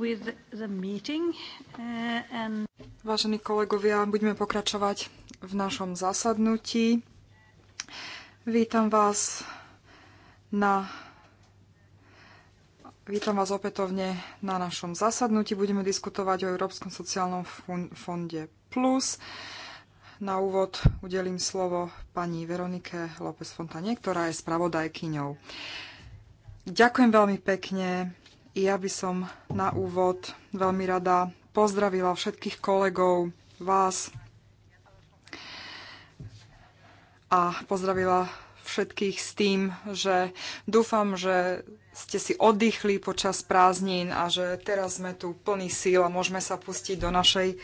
Uh, Vážení kolegovia, budeme pokračovať v našom zasadnutí. Vítam vás na Vítam vás opätovne na našom zasadnutí. Budeme diskutovať o Európskom sociálnom fonde Plus. Na úvod udelím slovo pani Veronike López Fontane, ktorá je spravodajkyňou. Ďakujem veľmi pekne ja by som na úvod veľmi rada pozdravila všetkých kolegov, vás a pozdravila všetkých s tým, že dúfam, že ste si oddychli počas prázdnin a že teraz sme tu plný síl a môžeme sa pustiť do našej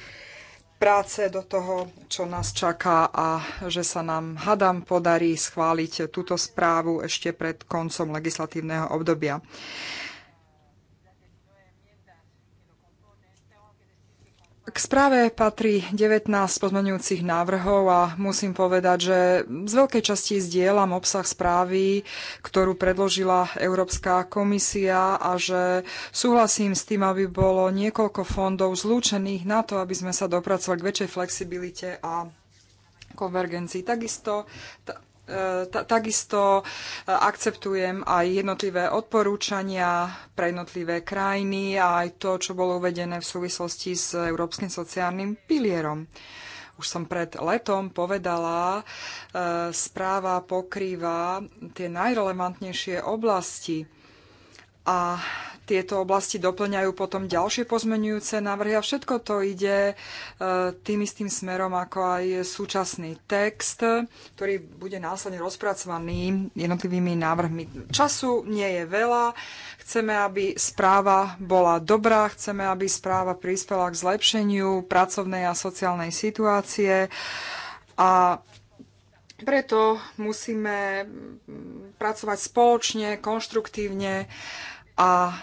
práce, do toho, čo nás čaká a že sa nám, hadam, podarí schváliť túto správu ešte pred koncom legislatívneho obdobia. K správe patrí 19 pozmeňujúcich návrhov a musím povedať, že z veľkej časti zdieľam obsah správy, ktorú predložila Európska komisia a že súhlasím s tým, aby bolo niekoľko fondov zlúčených na to, aby sme sa dopracovali k väčšej flexibilite a konvergencii. Takisto E, takisto e, akceptujem aj jednotlivé odporúčania pre jednotlivé krajiny a aj to, čo bolo uvedené v súvislosti s Európskym sociálnym pilierom. Už som pred letom povedala, e, správa pokrýva tie najrelevantnejšie oblasti a tieto oblasti doplňajú potom ďalšie pozmenujúce návrhy a všetko to ide e, tým istým smerom ako aj súčasný text, ktorý bude následne rozpracovaný jednotlivými návrhmi. Času nie je veľa, chceme, aby správa bola dobrá, chceme, aby správa prispela k zlepšeniu pracovnej a sociálnej situácie a preto musíme pracovať spoločne, konštruktívne a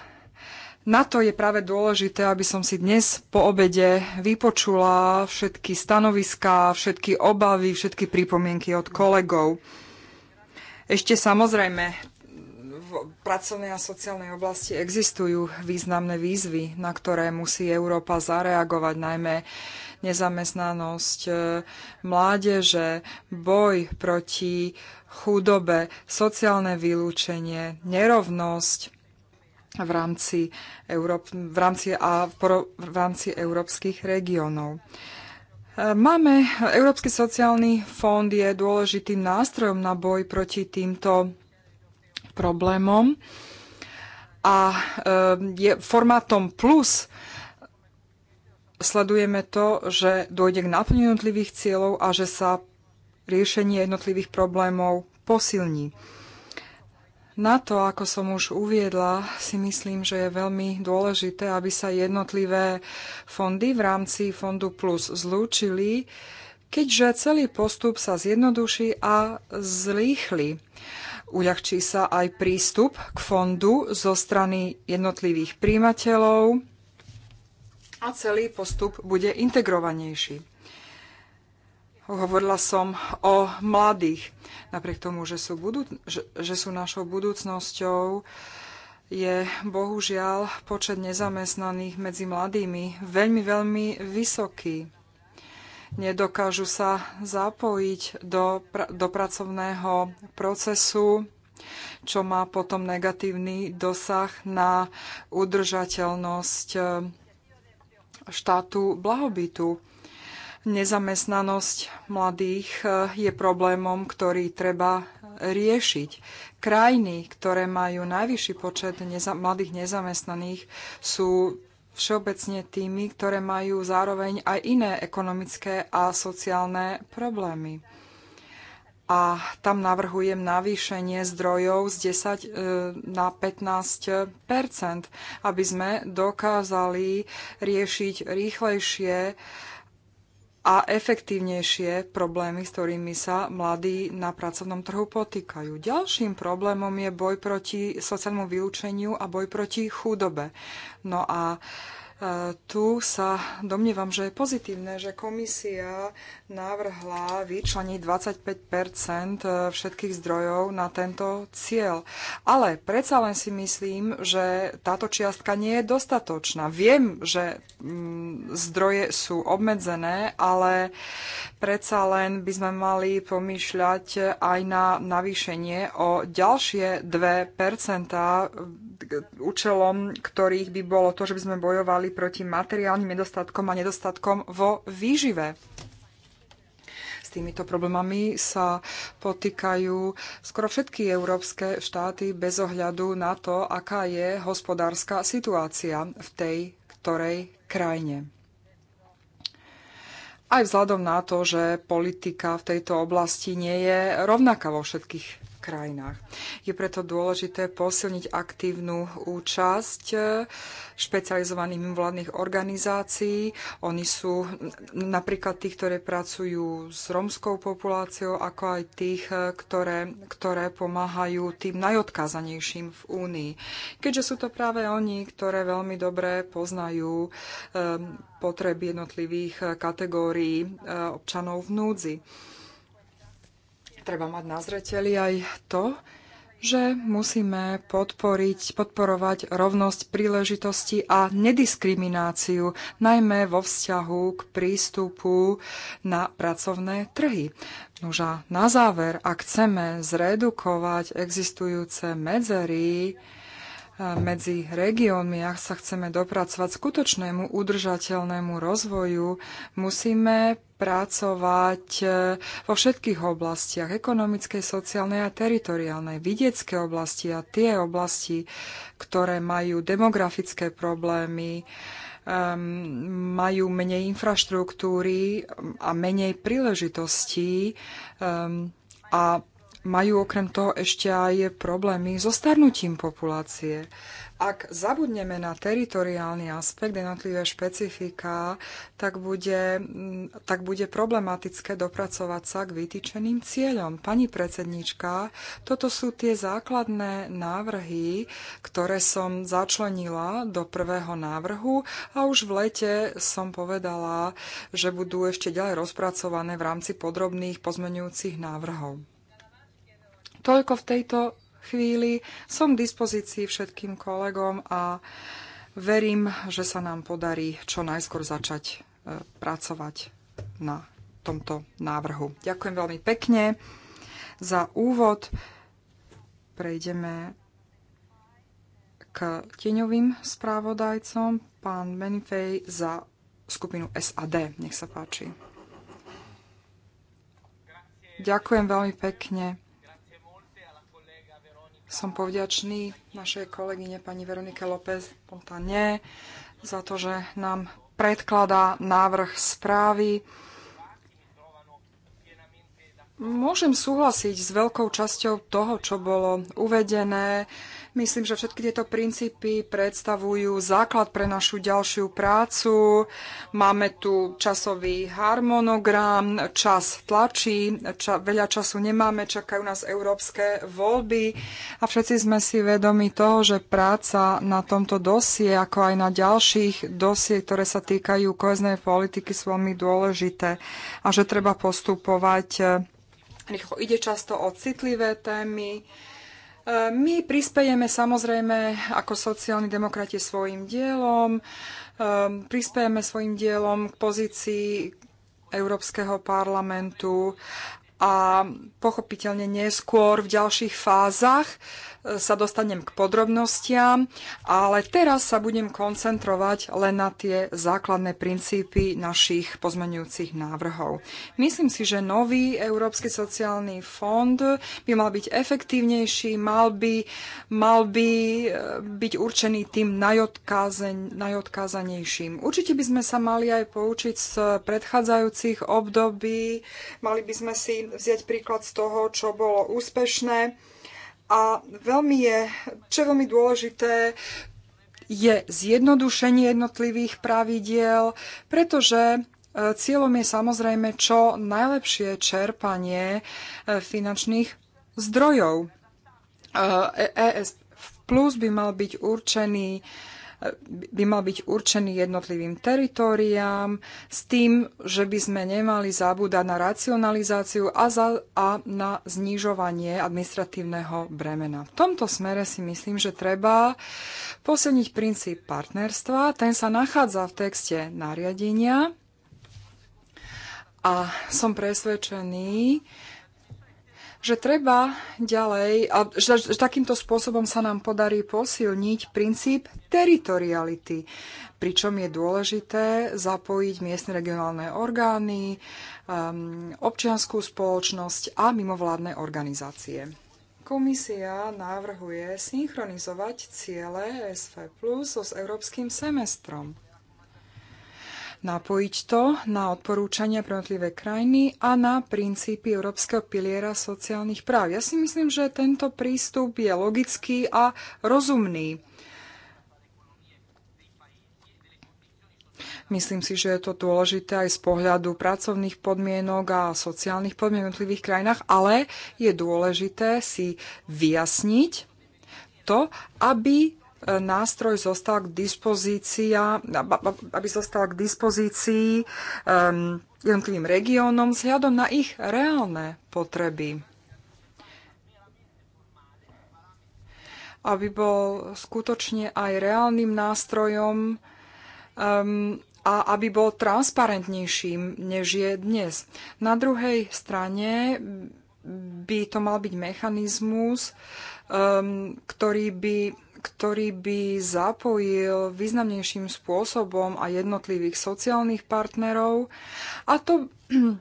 na to je práve dôležité, aby som si dnes po obede vypočula všetky stanoviská, všetky obavy, všetky pripomienky od kolegov. Ešte samozrejme, v pracovnej a sociálnej oblasti existujú významné výzvy, na ktoré musí Európa zareagovať, najmä nezamestnanosť e, mládeže, boj proti chudobe, sociálne vylúčenie, nerovnosť, v rámci, Európ, v rámci, a v rámci európskych regiónov. E, máme, Európsky sociálny fond je dôležitým nástrojom na boj proti týmto problémom a e, je formátom plus sledujeme to, že dojde k naplneniu jednotlivých cieľov a že sa riešenie jednotlivých problémov posilní. Na to, ako som už uviedla, si myslím, že je veľmi dôležité, aby sa jednotlivé fondy v rámci Fondu Plus zlúčili, keďže celý postup sa zjednoduší a zrýchli. Uľahčí sa aj prístup k fondu zo strany jednotlivých príjimateľov a celý postup bude integrovanejší. Hovorila som o mladých. Napriek tomu, že sú, budú, že, že sú našou budúcnosťou, je bohužiaľ počet nezamestnaných medzi mladými veľmi, veľmi vysoký. Nedokážu sa zapojiť do, do pracovného procesu, čo má potom negatívny dosah na udržateľnosť eh, štátu blahobytu Nezamestnanosť mladých eh, je problémom, ktorý treba riešiť. Krajiny, ktoré majú najvyšší počet neza- mladých nezamestnaných, sú všeobecne tými, ktoré majú zároveň aj iné ekonomické a sociálne problémy a tam navrhujem navýšenie zdrojov z 10 eh, na 15 aby sme dokázali riešiť rýchlejšie a efektívnejšie problémy, s ktorými sa mladí na pracovnom trhu potýkajú. Ďalším problémom je boj proti sociálnemu vylúčeniu a boj proti chudobe. No a E, tu sa domnievam, že je pozitívne, že komisia navrhla vyčleniť 25 e, všetkých zdrojov na tento cieľ. Ale predsa len si myslím, že táto čiastka nie je dostatočná. Viem, že mm, zdroje sú obmedzené, ale predsa len by sme mali pomýšľať aj na navýšenie o ďalšie 2 e, účelom ktorých by bolo to, že by sme bojovali bojovali proti materiálnym nedostatkom a nedostatkom vo výžive. S týmito problémami sa potýkajú skoro všetky európske štáty bez ohľadu na to, aká je hospodárska situácia v tej ktorej krajine. Aj vzhľadom na to, že politika v tejto oblasti nie je rovnaká vo všetkých krajinách. Je preto dôležité posilniť aktívnu účasť špecializovaných mimovládnych organizácií. Oni sú napríklad tých, ktoré pracujú s romskou populáciou, ako aj tých, ktoré, ktoré pomáhajú tým najodkázanejším v Únii. Keďže sú to práve oni, ktoré veľmi dobre poznajú ehm, potreby jednotlivých kategórií ehm, občanov v núdzi treba mať na zreteli aj to, že musíme podporiť, podporovať rovnosť príležitosti a nediskrimináciu, najmä vo vzťahu k prístupu na pracovné trhy. a na záver, ak chceme zredukovať existujúce medzery, medzi regiónmi, ak sa chceme dopracovať skutočnému udržateľnému rozvoju, musíme pracovať e, vo všetkých oblastiach ekonomickej, sociálnej a teritoriálnej, vidiecké oblasti a tie oblasti, ktoré majú demografické problémy, majú menej infraštruktúry a menej príležitostí a majú okrem toho ešte aj problémy so starnutím populácie. Ak zabudneme na teritoriálny aspekt, jednotlivé špecifika, tak bude, mm, tak bude problematické dopracovať sa k vytýčeným cieľom. Pani predsednička, toto sú tie základné návrhy, ktoré som začlenila do prvého návrhu a už v lete som povedala, že budú ešte ďalej rozpracované v rámci podrobných pozmenujúcich návrhov. Toľko v tejto chvíli. Som k dispozícii všetkým kolegom a verím, že sa nám podarí čo najskôr začať e, pracovať na tomto návrhu. Ďakujem veľmi pekne za úvod. Prejdeme k tieňovým správodajcom, pán Benifej za skupinu SAD. Nech sa páči. Ďakujem veľmi pekne som povďačný našej kolegyne pani Veronike López Pontanie, za to, že nám predkladá návrh správy. Môžem súhlasiť s veľkou časťou toho, čo bolo uvedené. Myslím, že všetky tieto princípy predstavujú základ pre našu ďalšiu prácu. Máme tu časový harmonogram, čas tlačí, ča, veľa času nemáme, čakajú nás európske voľby a všetci sme si vedomi toho, že práca na tomto dosie, ako aj na ďalších dosie, ktoré sa týkajú koheznej politiky, sú veľmi dôležité a že treba postupovať eh, rýchlo. Ide často o citlivé témy, my prispejeme samozrejme ako sociálni demokrati svojim dielom, ehm, prispejeme svojim dielom k pozícii Európskeho parlamentu a pochopiteľne neskôr v ďalších fázach sa dostanem k podrobnostiam, ale teraz sa budem koncentrovať len na tie základné princípy našich pozmenujúcich návrhov. Myslím si, že nový Európsky sociálny fond by mal byť efektívnejší, mal by, mal by eh, byť určený tým najodkázen, najodkázanejším. Určite by sme sa mali aj poučiť z predchádzajúcich období, mali by sme si vziať príklad z toho, čo bolo úspešné a veľmi je, čo je veľmi dôležité, je zjednodušenie jednotlivých pravidiel, pretože e, cieľom je samozrejme čo najlepšie čerpanie e, finančných zdrojov. ES e plus by mal byť určený by mal byť určený jednotlivým teritoriám s tým, že by sme nemali zabúdať na racionalizáciu a, za, a na znižovanie administratívneho bremena. V tomto smere si myslím, že treba posilniť princíp partnerstva. Ten sa nachádza v texte nariadenia a som presvedčený, že treba ďalej, a že, že takýmto spôsobom sa nám podarí posilniť princíp teritoriality, pričom je dôležité zapojiť miestne regionálne orgány, um, občianskú spoločnosť a mimovládne organizácie. Komisia navrhuje synchronizovať ciele SV Plus so s európskym semestrom napojiť to na odporúčania pre jednotlivé krajiny a na princípy Európskeho piliera sociálnych práv. Ja si myslím, že tento prístup je logický a rozumný. Myslím si, že je to dôležité aj z pohľadu pracovných podmienok a sociálnych podmienok v jednotlivých krajinách, ale je dôležité si vyjasniť to, aby nástroj zostal k dispozícii, aby zostal k dispozícii um, jednotlivým regiónom vzhľadom na ich reálne potreby. Aby bol skutočne aj reálnym nástrojom um, a aby bol transparentnejším, než je dnes. Na druhej strane by to mal byť mechanizmus, um, ktorý by ktorý by zapojil významnejším spôsobom a jednotlivých sociálnych partnerov. A to,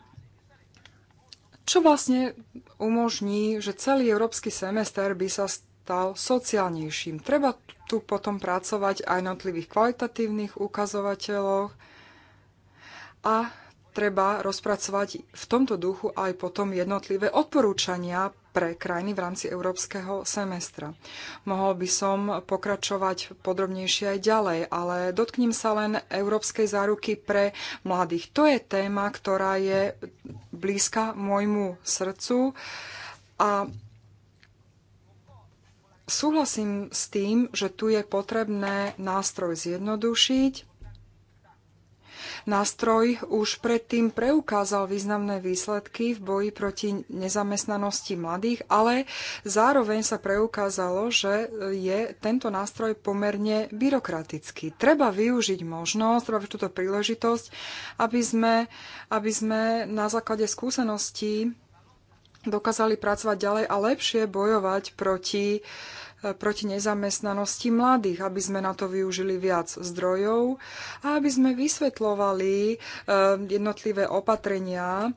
čo vlastne umožní, že celý európsky semester by sa stal sociálnejším. Treba tu potom pracovať aj na jednotlivých kvalitatívnych ukazovateľoch a treba rozpracovať v tomto duchu aj potom jednotlivé odporúčania pre krajiny v rámci európskeho semestra. Mohol by som pokračovať podrobnejšie aj ďalej, ale dotknem sa len európskej záruky pre mladých. To je téma, ktorá je blízka môjmu srdcu a súhlasím s tým, že tu je potrebné nástroj zjednodušiť, nástroj už predtým preukázal významné výsledky v boji proti nezamestnanosti mladých, ale zároveň sa preukázalo, že je tento nástroj pomerne byrokratický. Treba využiť možnosť, treba túto príležitosť, aby sme, aby sme na základe skúseností dokázali pracovať ďalej a lepšie bojovať proti proti nezamestnanosti mladých, aby sme na to využili viac zdrojov a aby sme vysvetľovali e, jednotlivé opatrenia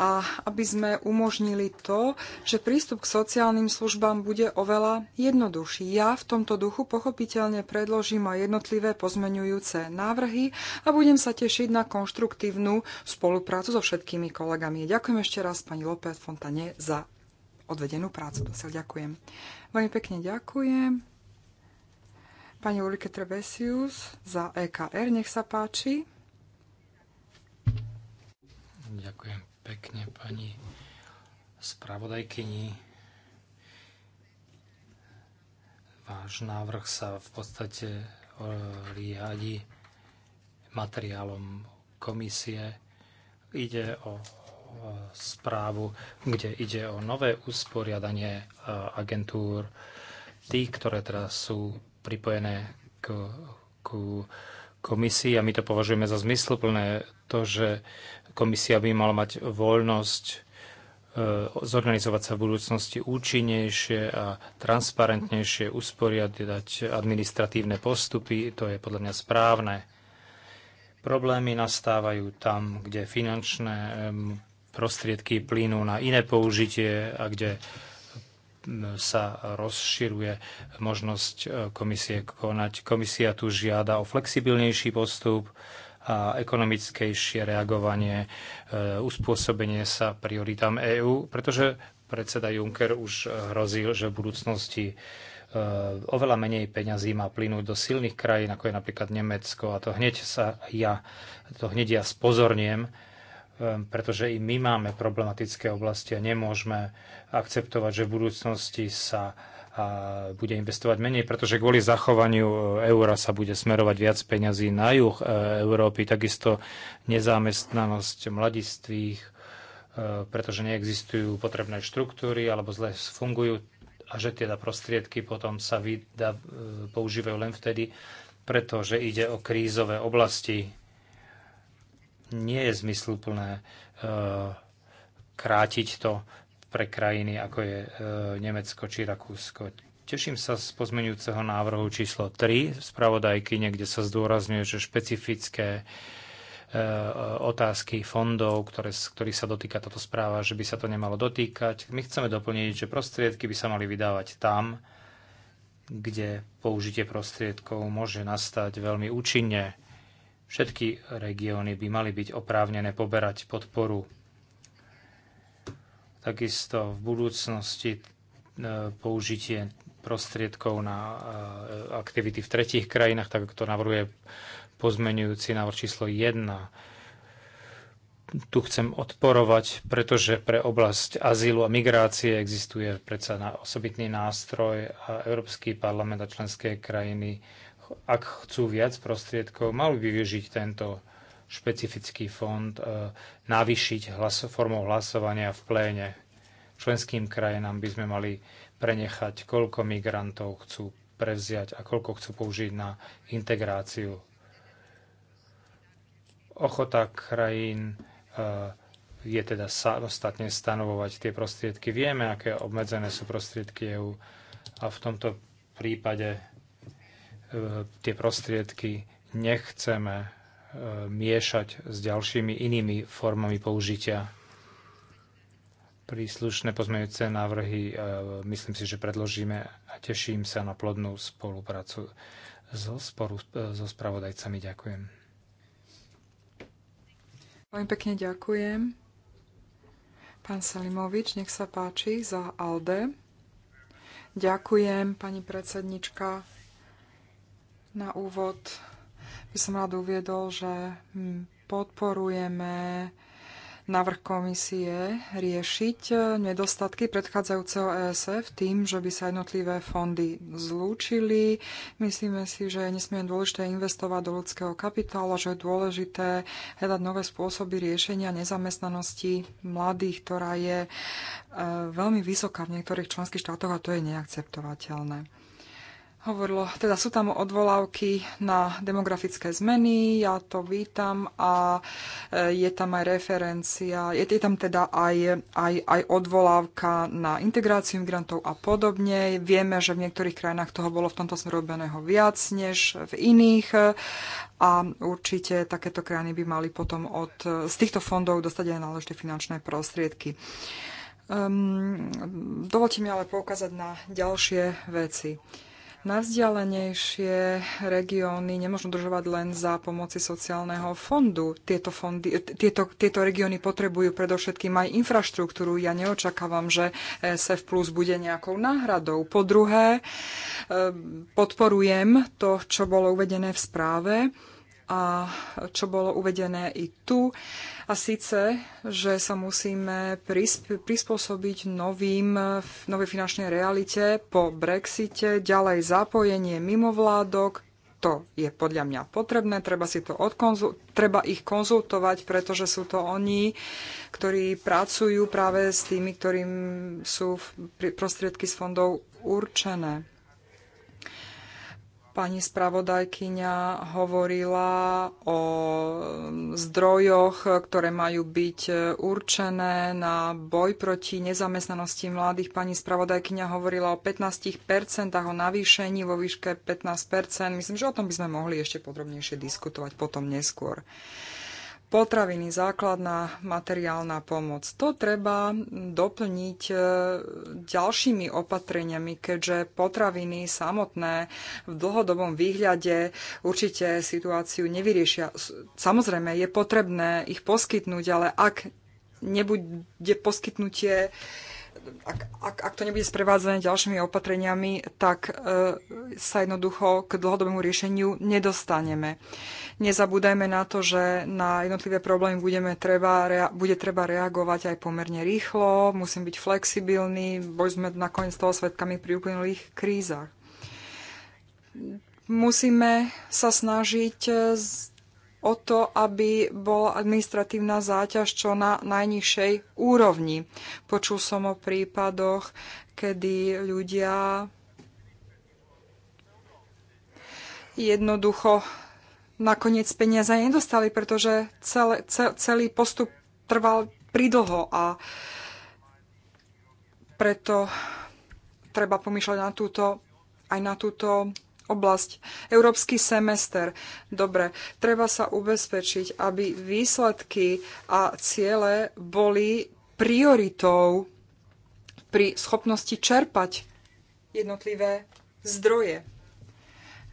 a aby sme umožnili to, že prístup k sociálnym službám bude oveľa jednoduchší. Ja v tomto duchu pochopiteľne predložím aj jednotlivé pozmenujúce návrhy a budem sa tešiť na konštruktívnu spoluprácu so všetkými kolegami. Ďakujem ešte raz pani López Fontane za odvedenú prácu. Dosiaľ ďakujem. Veľmi pekne ďakujem. Pani Ulrike Trebesius za EKR, nech sa páči. Ďakujem pekne pani spravodajkyni. Váš návrh sa v podstate riadi materiálom komisie. Ide o správu, kde ide o nové usporiadanie e, agentúr, tých, ktoré teraz sú pripojené k, ku komisii a my to považujeme za zmysluplné, to, že komisia by mala mať voľnosť e, zorganizovať sa v budúcnosti účinnejšie a transparentnejšie, usporiadať administratívne postupy, to je podľa mňa správne. Problémy nastávajú tam, kde finančné prostriedky plynu na iné použitie a kde sa rozširuje možnosť e, komisie konať. Komisia tu žiada o flexibilnejší postup a ekonomickejšie reagovanie, e, uspôsobenie sa prioritám EÚ, pretože predseda Juncker už hrozil, že v budúcnosti e, oveľa menej peňazí má plynúť do silných krajín, ako je napríklad Nemecko. A to hneď sa ja, to hneď ja spozorniem, Ehm, pretože i my máme problematické oblasti a nemôžeme akceptovať, že v budúcnosti sa bude investovať menej, pretože kvôli zachovaniu e, eura sa bude smerovať viac peňazí na juh e, Európy, takisto nezamestnanosť mladistvých, e, pretože neexistujú potrebné štruktúry alebo zle fungujú a že teda prostriedky potom sa používajú len vtedy, pretože ide o krízové oblasti nie je zmysluplné e, krátiť to pre krajiny, ako je e, Nemecko či Rakúsko. Teším sa z pozmenujúceho návrhu číslo 3 spravodajky, kde sa zdôrazňuje, že špecifické e, otázky fondov, ktoré, ktorých sa dotýka táto správa, že by sa to nemalo dotýkať. My chceme doplniť, že prostriedky by sa mali vydávať tam, kde použitie prostriedkov môže nastať veľmi účinne Všetky regióny by mali byť oprávnené poberať podporu. Takisto v budúcnosti e, použitie prostriedkov na e, aktivity v tretích krajinách, tak to navrhuje pozmenujúci návrh číslo 1. Tu chcem odporovať, pretože pre oblasť azylu a migrácie existuje predsa osobitný nástroj a Európsky parlament a členské krajiny ak chcú viac prostriedkov, mali by využiť tento špecifický fond, e, navýšiť hlas, formou hlasovania v pléne. Členským krajinám by sme mali prenechať, koľko migrantov chcú prevziať a koľko chcú použiť na integráciu. Ochota krajín e, je teda samostatne stanovovať tie prostriedky. Vieme, aké obmedzené sú prostriedky EU a v tomto prípade tie prostriedky nechceme e, miešať s ďalšími inými formami použitia. Príslušné pozmeňujúce návrhy e, myslím si, že predložíme a teším sa na plodnú spoluprácu so, sporu, e, so spravodajcami. Ďakujem. Veľmi pekne ďakujem. Pán Salimovič, nech sa páči za ALDE. Ďakujem, pani predsednička. Na úvod by som rád uviedol, že podporujeme návrh komisie riešiť nedostatky predchádzajúceho ESF tým, že by sa jednotlivé fondy zlúčili. Myslíme si, že je nesmierne dôležité investovať do ľudského kapitálu, že je dôležité hľadať nové spôsoby riešenia nezamestnanosti mladých, ktorá je e, veľmi vysoká v niektorých členských štátoch a to je neakceptovateľné hovorilo, teda sú tam odvolávky na demografické zmeny, ja to vítam a e, je tam aj referencia, je, je tam teda aj, aj, aj odvolávka na integráciu migrantov a podobne. Vieme, že v niektorých krajinách toho bolo v tomto smere robeného viac než v iných e, a určite takéto krajiny by mali potom od, e, z týchto fondov dostať aj náležité finančné prostriedky. Um, dovolte mi ale poukázať na ďalšie veci. Uh, na vzdialenejšie regióny nemôžu držovať len za pomoci sociálneho fondu. Tieto, fondy, tieto, tieto regióny potrebujú predovšetkým aj infraštruktúru. Ja neočakávam, že SF Plus bude nejakou náhradou. Po druhé, podporujem to, čo bolo uvedené v správe a čo bolo uvedené i tu. A síce, že sa musíme prisp- prispôsobiť novým, novej finančnej realite po Brexite, ďalej zapojenie mimovládok, to je podľa mňa potrebné, treba, si to odkonzul- treba ich konzultovať, pretože sú to oni, ktorí pracujú práve s tými, ktorým sú prostriedky z fondov určené. Pani spravodajkyňa hovorila o zdrojoch, ktoré majú byť e, určené na boj proti nezamestnanosti mladých. Pani spravodajkyňa hovorila o 15%, o navýšení vo výške 15%. Myslím, že o tom by sme mohli ešte podrobnejšie diskutovať potom neskôr potraviny, základná materiálna pomoc. To treba doplniť e, ďalšími opatreniami, keďže potraviny samotné v dlhodobom výhľade určite situáciu nevyriešia. Samozrejme, je potrebné ich poskytnúť, ale ak nebude poskytnutie ak, ak, ak to nebude sprevádzané ďalšími opatreniami, tak e, sa jednoducho k dlhodobému riešeniu nedostaneme. Nezabúdajme na to, že na jednotlivé problémy budeme treba, bude treba reagovať aj pomerne rýchlo, musím byť flexibilný, boli sme nakoniec toho svetkami pri uplynulých krízach. Musíme sa snažiť o to, aby bola administratívna záťaž čo na najnižšej úrovni. Počul som o prípadoch, kedy ľudia jednoducho nakoniec peniaze nedostali, pretože celé, celý postup trval pridlho a preto treba pomýšľať na túto, aj na túto oblasť. Európsky semester. Dobre, treba sa ubezpečiť, aby výsledky a ciele boli prioritou pri schopnosti čerpať jednotlivé zdroje.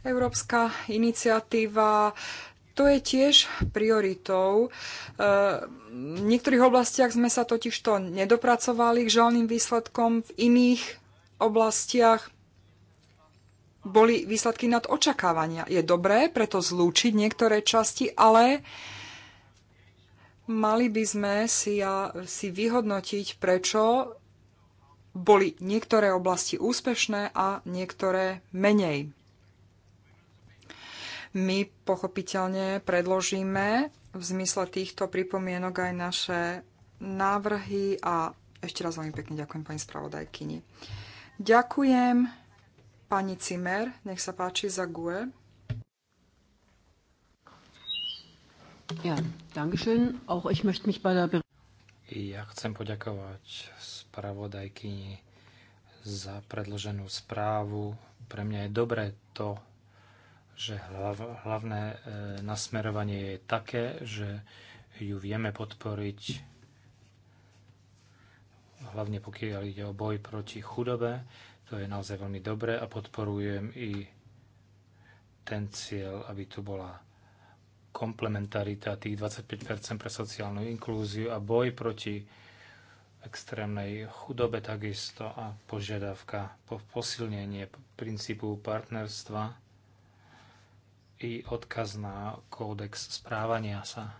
Európska iniciatíva to je tiež prioritou. E, v niektorých oblastiach sme sa totiž to nedopracovali k žalným výsledkom, v iných oblastiach boli výsledky nad očakávania. Je dobré preto zlúčiť niektoré časti, ale mali by sme si, ja, si vyhodnotiť, prečo boli niektoré oblasti úspešné a niektoré menej. My pochopiteľne predložíme v zmysle týchto pripomienok aj naše návrhy a ešte raz veľmi pekne ďakujem pani spravodajkyni. Ďakujem pani Cimer, nech sa páči za GUE. Ja, dankeschön. Auch ich möchte mich bei der ja chcem poďakovať spravodajkyni za predloženú správu. Pre mňa je dobré to, že hlav, hlavné e, nasmerovanie je také, že ju vieme podporiť hlavne pokiaľ ide o boj proti chudobe. To je naozaj veľmi dobré a podporujem i ten cieľ, aby tu bola komplementarita tých 25% pre sociálnu inklúziu a boj proti extrémnej chudobe takisto a požiadavka po posilnenie princípu partnerstva i odkaz na kódex správania sa.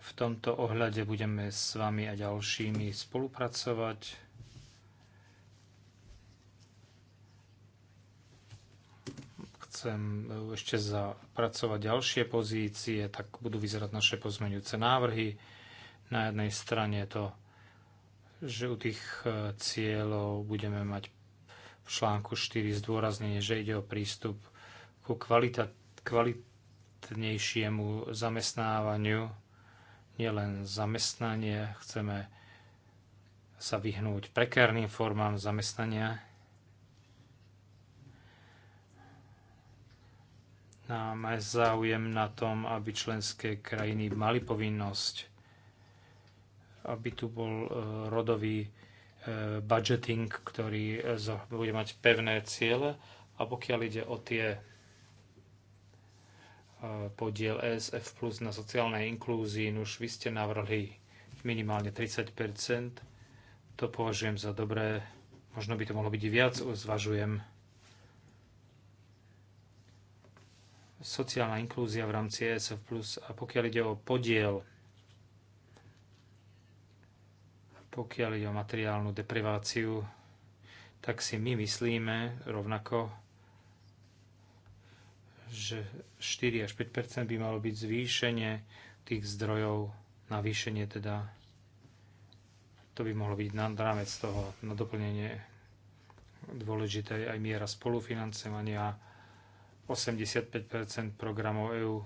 V tomto ohľade budeme s vami a ďalšími spolupracovať. Chcem ešte zapracovať ďalšie pozície, tak budú vyzerať naše pozmeňujúce návrhy. Na jednej strane to, že u tých e, cieľov budeme mať v článku 4 zdôraznenie, že ide o prístup ku kvalita- kvalitnejšiemu zamestnávaniu, nielen zamestnanie, chceme sa vyhnúť prekárnym formám zamestnania. Máme záujem na tom, aby členské krajiny mali povinnosť, aby tu bol e, rodový e, budgeting, ktorý e, bude mať pevné ciele. A pokiaľ ide o tie podiel ESF plus na sociálnej inklúzii. Už vy ste navrhli minimálne 30 To považujem za dobré. Možno by to mohlo byť viac, zvažujem. Sociálna inklúzia v rámci ESF plus a pokiaľ ide o podiel pokiaľ ide o materiálnu depriváciu, tak si my myslíme rovnako, že 4 až 5 by malo byť zvýšenie tých zdrojov, navýšenie teda. To by mohlo byť na rámec toho, na doplnenie dôležité aj miera spolufinancovania 85 programov EÚ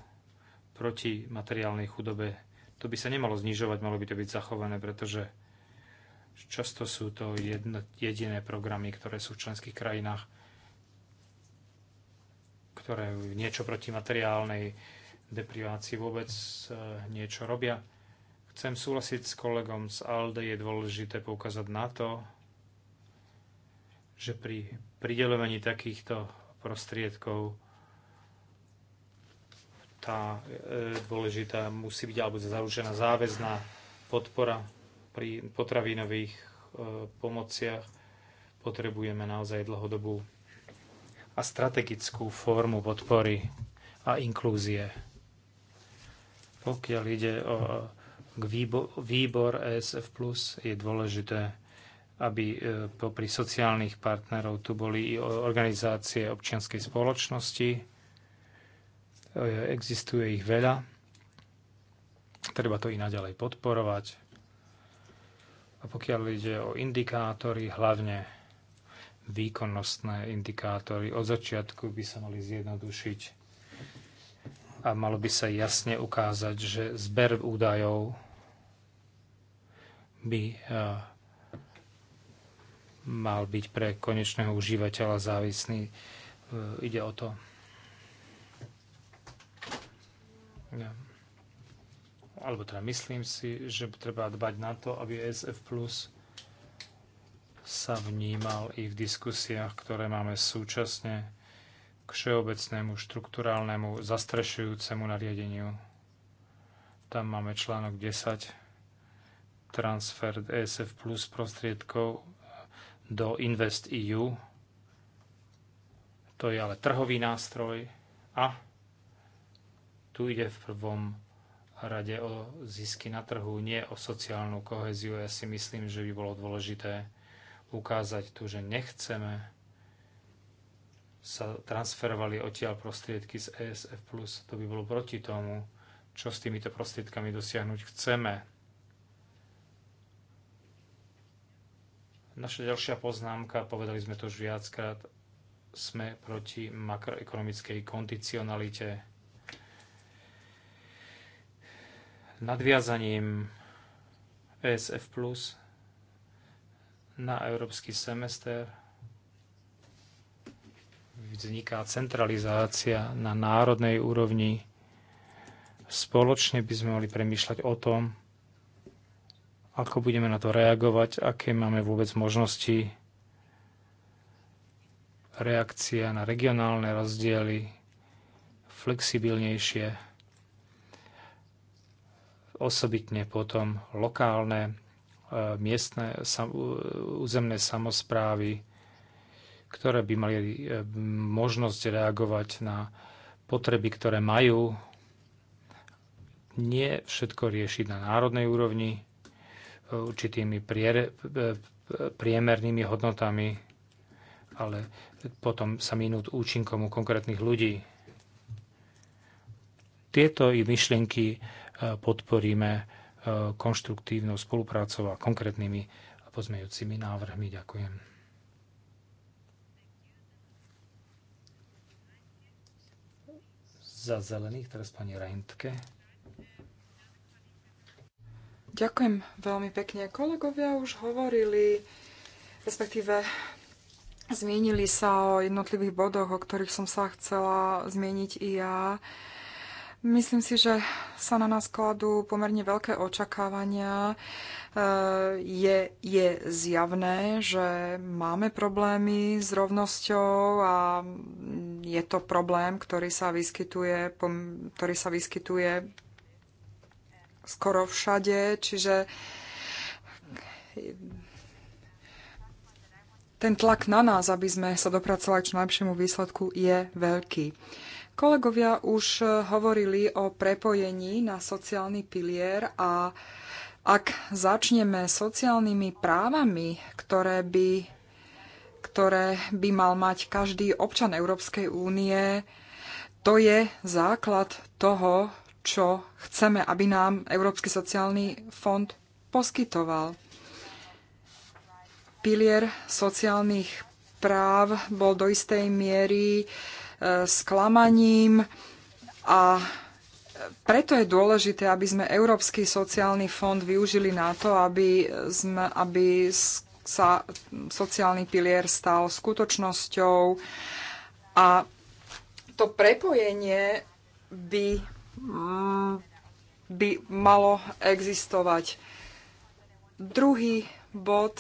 proti materiálnej chudobe. To by sa nemalo znižovať, malo by to byť zachované, pretože často sú to jedno, jediné programy, ktoré sú v členských krajinách ktoré niečo proti materiálnej deprivácii vôbec e, niečo robia. Chcem súhlasiť s kolegom z ALDE, je dôležité poukázať na to, že pri pridelovaní takýchto prostriedkov tá e, dôležitá musí byť alebo zaručená záväzná podpora pri potravinových e, pomociach. Potrebujeme naozaj dlhodobú a strategickú formu podpory a inklúzie. Pokiaľ ide o výbor, výbor e ESF+, je dôležité, aby e, popri sociálnych partnerov tu boli i organizácie občianskej spoločnosti. E, existuje ich veľa. Treba to i naďalej podporovať. A pokiaľ ide o indikátory, hlavne výkonnostné indikátory od začiatku by sa mali zjednodušiť a malo by sa jasne ukázať, že zber údajov by eh, mal byť pre konečného užívateľa závislý. Eh, ide o to. Ja. Alebo teda myslím si, že treba dbať na to, aby SF Plus sa vnímal i v diskusiách, ktoré máme súčasne k všeobecnému štruktúrálnemu zastrešujúcemu nariadeniu. Tam máme článok 10, transfer ESF plus prostriedkov do Invest EU. To je ale trhový nástroj a tu ide v prvom rade o zisky na trhu, nie o sociálnu koheziu. Ja si myslím, že by bolo dôležité ukázať tu, že nechceme sa transferovali odtiaľ prostriedky z ESF+, to by bolo proti tomu, čo s týmito prostriedkami dosiahnuť chceme. Naša ďalšia poznámka, povedali sme to už viackrát, sme proti makroekonomickej kondicionalite. Nadviazaním ESF na európsky semester vzniká centralizácia na národnej úrovni. Spoločne by sme mali premýšľať o tom, ako budeme na to reagovať, aké máme vôbec možnosti reakcia na regionálne rozdiely, flexibilnejšie, osobitne potom lokálne E, miestne e, územné samozprávy, ktoré by mali e, možnosť reagovať na potreby, ktoré majú. Nie všetko riešiť na národnej úrovni určitými priemernými hodnotami, ale potom sa minúť účinkom u konkrétnych ľudí. Tieto i myšlienky podporíme konštruktívnou spoluprácou a konkrétnymi pozmejúcimi návrhmi. Ďakujem. Za zelených teraz pani Reintke. Ďakujem veľmi pekne. Kolegovia už hovorili, respektíve zmienili sa o jednotlivých bodoch, o ktorých som sa chcela zmieniť i ja. Myslím si, že sa na nás kladú pomerne veľké očakávania. E, je, je zjavné, že máme problémy s rovnosťou a je to problém, ktorý sa vyskytuje, ktorý sa vyskytuje skoro všade. Čiže ten tlak na nás, aby sme sa dopracovali k najlepšiemu výsledku, je veľký. Kolegovia už e, hovorili o prepojení na sociálny pilier a ak začneme sociálnymi právami, ktoré by, ktoré by mal mať každý občan Európskej únie, to je základ toho, čo chceme, aby nám Európsky sociálny fond poskytoval. Pilier sociálnych práv bol do istej miery sklamaním a preto je dôležité, aby sme Európsky sociálny fond využili na to, aby, sme, aby sa sociálny pilier stal skutočnosťou a to prepojenie by, mm, by malo existovať. Druhý bod.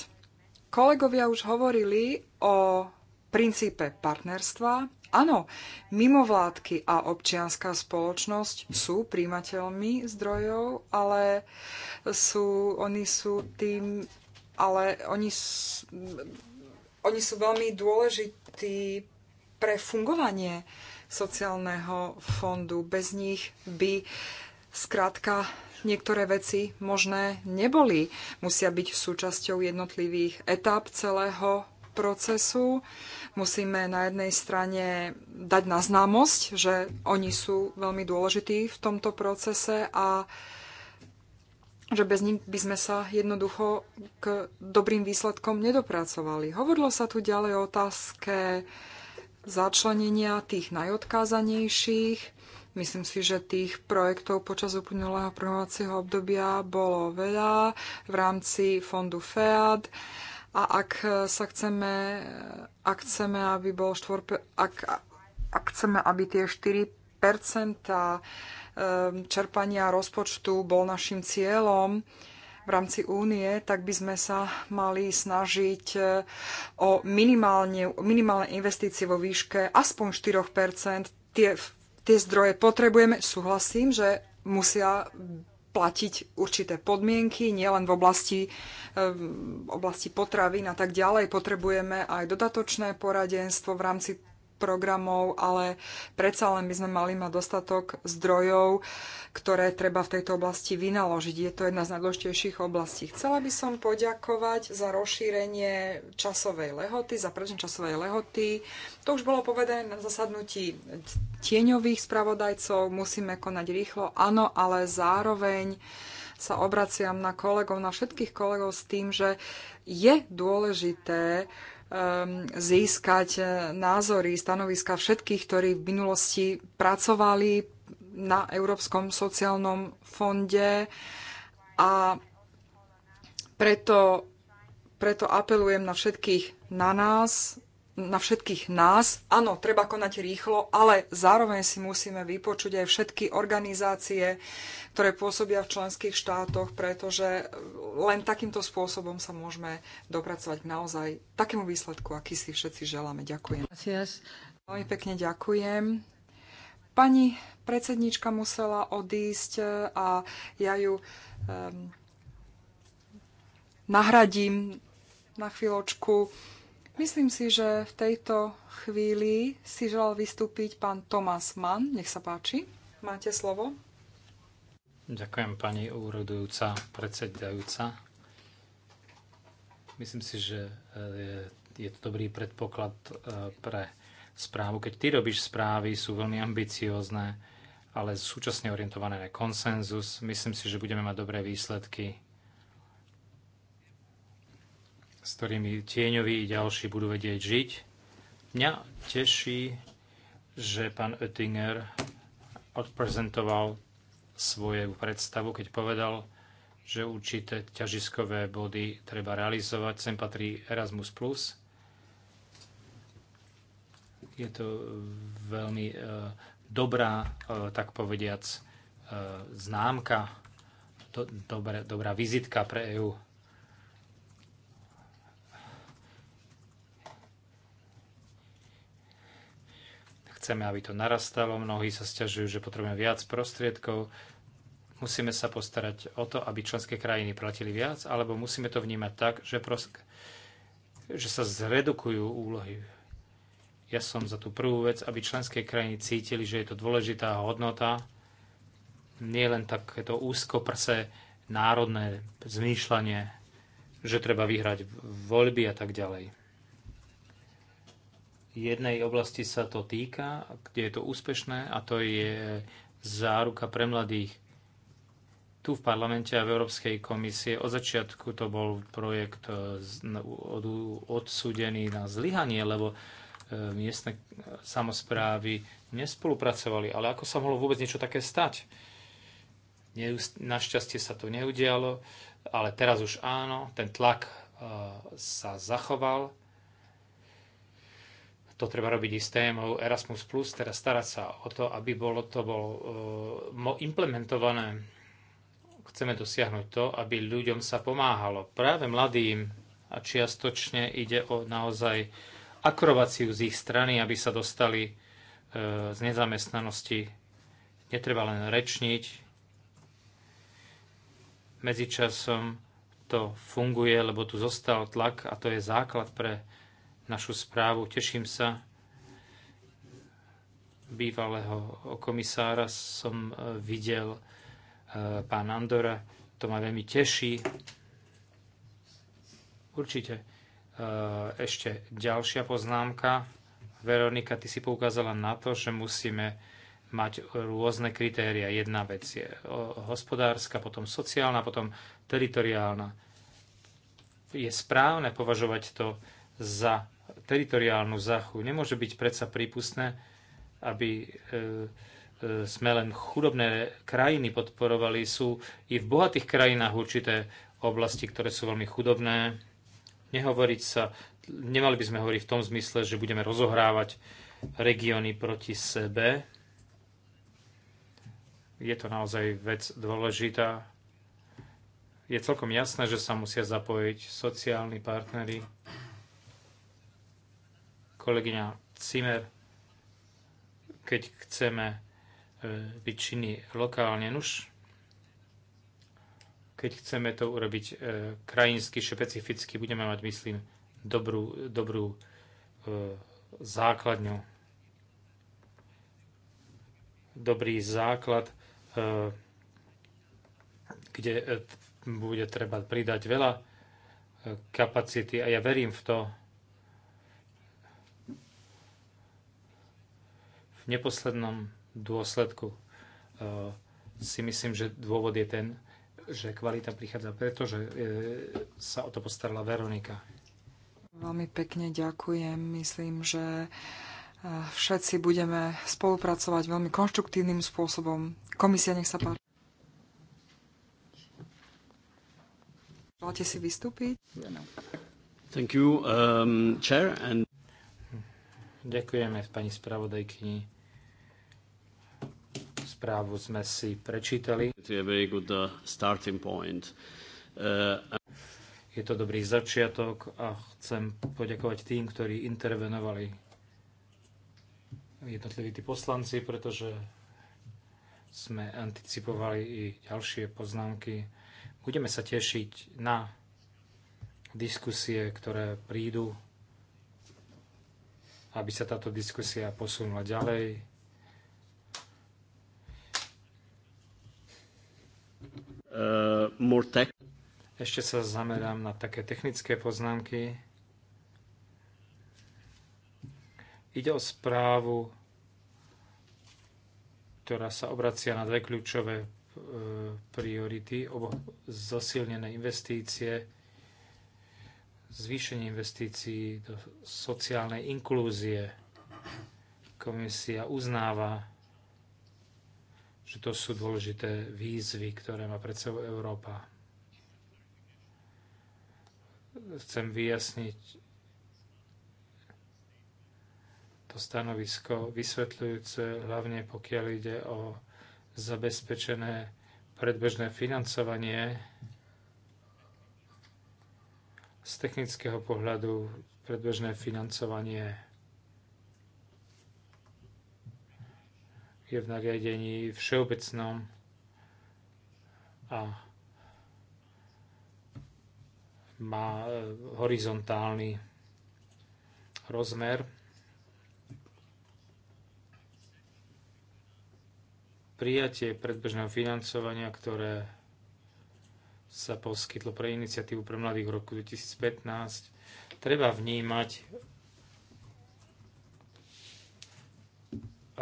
Kolegovia už hovorili o princípe partnerstva Áno, mimovládky a občianská spoločnosť sú príjimateľmi zdrojov, ale sú, oni sú tým, ale oni sú, oni sú veľmi dôležití pre fungovanie sociálneho fondu. Bez nich by zkrátka niektoré veci možné neboli. Musia byť súčasťou jednotlivých etáp celého procesu. Musíme na jednej strane dať na známosť, že oni sú veľmi dôležití v tomto procese a že bez nich by sme sa jednoducho k dobrým výsledkom nedopracovali. Hovorilo sa tu ďalej o otázke začlenenia tých najodkázanejších. Myslím si, že tých projektov počas uplynulého programovacieho obdobia bolo veľa v rámci fondu FEAD. A ak sa chceme, ak chceme, aby bol štvor, ak, ak chceme, aby tie 4 ehm, čerpania rozpočtu bol našim cieľom v rámci únie, tak by sme sa mali snažiť e, o minimálne, minimálne investície vo výške aspoň 4 tie, tie zdroje potrebujeme. Súhlasím, že musia platiť určité podmienky, nielen v oblasti, e, oblasti potravín a tak ďalej. Potrebujeme aj dodatočné poradenstvo v rámci programov, ale predsa len by sme mali mať dostatok zdrojov, ktoré treba v tejto oblasti vynaložiť. Je to jedna z najdôležitejších oblastí. Chcela by som poďakovať za rozšírenie časovej lehoty, za prečne časovej lehoty. To už bolo povedané na zasadnutí tieňových spravodajcov. Musíme konať rýchlo, áno, ale zároveň sa obraciam na kolegov, na všetkých kolegov s tým, že je dôležité Um, získať eh, názory, stanoviska všetkých, ktorí v minulosti pracovali na Európskom sociálnom fonde a preto, preto apelujem na všetkých na nás, na všetkých nás. Áno, treba konať rýchlo, ale zároveň si musíme vypočuť aj všetky organizácie, ktoré pôsobia v členských štátoch, pretože len takýmto spôsobom sa môžeme dopracovať k naozaj takému výsledku, aký si všetci želáme. Ďakujem. Veľmi pekne ďakujem. Pani predsednička musela odísť a ja ju um, nahradím na chvíľočku. Myslím si, že v tejto chvíli si želal vystúpiť pán Tomás Mann. Nech sa páči, máte slovo. Ďakujem, pani úrodujúca, predsedajúca. Myslím si, že e, je, je to dobrý predpoklad e, pre správu. Keď ty robíš správy, sú veľmi ambiciózne, ale súčasne orientované na konsenzus. Myslím si, že budeme mať dobré výsledky s ktorými tieňoví ďalší budú vedieť žiť. Mňa teší, že pán Oettinger odprezentoval svoju predstavu, keď povedal, že určité ťažiskové body treba realizovať. Sem patrí Erasmus+. Je to veľmi e, dobrá, e, tak povediac, e, známka, do, dobré, dobrá vizitka pre EÚ. chceme, aby to narastalo. Mnohí sa stiažujú, že potrebujeme viac prostriedkov. Musíme sa postarať o to, aby členské krajiny platili viac, alebo musíme to vnímať tak, že, pros- že sa zredukujú úlohy. Ja som za tú prvú vec, aby členské krajiny cítili, že je to dôležitá hodnota, nie len takéto úzkoprse národné zmýšľanie, že treba vyhrať voľby a tak ďalej jednej oblasti sa to týka, kde je to úspešné a to je záruka pre mladých. Tu v parlamente a v Európskej komisie od začiatku to bol projekt e, odsúdený na zlyhanie, lebo e, miestne samozprávy nespolupracovali. Ale ako sa mohlo vôbec niečo také stať? Našťastie sa to neudialo, ale teraz už áno, ten tlak e, sa zachoval to treba robiť i s témou Erasmus+, teda starať sa o to, aby bolo to bolo eh, implementované. Chceme dosiahnuť to, aby ľuďom sa pomáhalo, práve mladým a čiastočne ide o naozaj akrobáciu z ich strany, aby sa dostali eh, z nezamestnanosti. Netreba len rečniť. Medzičasom to funguje, lebo tu zostal tlak a to je základ pre našu správu. Teším sa. Bývalého komisára som e, videl e, pán Andora. To ma veľmi teší. Určite. E, ešte ďalšia poznámka. Veronika, ty si poukázala na to, že musíme mať rôzne kritéria. Jedna vec je hospodárska, potom sociálna, potom teritoriálna. Je správne považovať to za teritoriálnu záchu. Nemôže byť predsa prípustné, aby e, e, sme len chudobné krajiny podporovali. Sú i v bohatých krajinách určité oblasti, ktoré sú veľmi chudobné. Nehovoriť sa, nemali by sme hovoriť v tom zmysle, že budeme rozohrávať regióny proti sebe. Je to naozaj vec dôležitá. Je celkom jasné, že sa musia zapojiť sociálni partnery, kolegyňa Cimer, keď chceme e, byť činní lokálne, nuž, keď chceme to urobiť e, krajinsky, špecificky, budeme mať, myslím, dobrú, dobrú e, základňu, dobrý základ, kde bude treba pridať veľa kapacity a ja verím v to, V neposlednom dôsledku e, si myslím, že dôvod je ten, že kvalita prichádza preto, že e, sa o to postarala Veronika. Veľmi pekne ďakujem. Myslím, že e, všetci budeme spolupracovať veľmi konštruktívnym spôsobom. Komisia, nech sa páči. Želáte si vystúpiť? Thank you, um, chair and... Hm. Ďakujeme pani spravodajkyni správu sme si prečítali. Uh, uh, Je to dobrý začiatok a chcem poďakovať tým, ktorí intervenovali jednotliví tí poslanci, pretože sme anticipovali i ďalšie poznámky. Budeme sa tešiť na diskusie, ktoré prídu, aby sa táto diskusia posunula ďalej Uh, more tech. Ešte sa zamerám na také technické poznámky. Ide o správu, ktorá sa obracia na dve kľúčové uh, priority, obo zosilnené investície, zvýšenie investícií do sociálnej inklúzie. Komisia uznáva že to sú dôležité výzvy, ktoré má pred sebou Európa. Chcem vyjasniť to stanovisko vysvetľujúce, hlavne pokiaľ ide o zabezpečené predbežné financovanie z technického pohľadu predbežné financovanie je v nariadení všeobecnom a má e, horizontálny rozmer. Prijatie predbežného financovania, ktoré sa poskytlo pre iniciatívu pre mladých v roku 2015, treba vnímať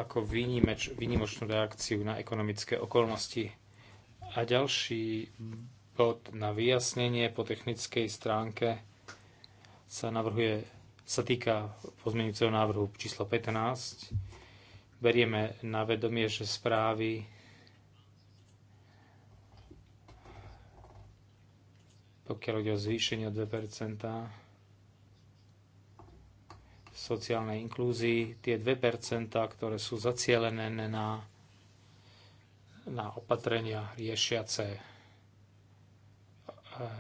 ako výnimeč, výnimočnú reakciu na ekonomické okolnosti. A ďalší bod na vyjasnenie po technickej stránke sa navrhuje sa týka pozmeňujúceho návrhu číslo 15. Berieme na vedomie, že správy pokiaľ ide o zvýšenie o 2 sociálnej inklúzii, tie 2%, ktoré sú zacielené na, na opatrenia riešiace e,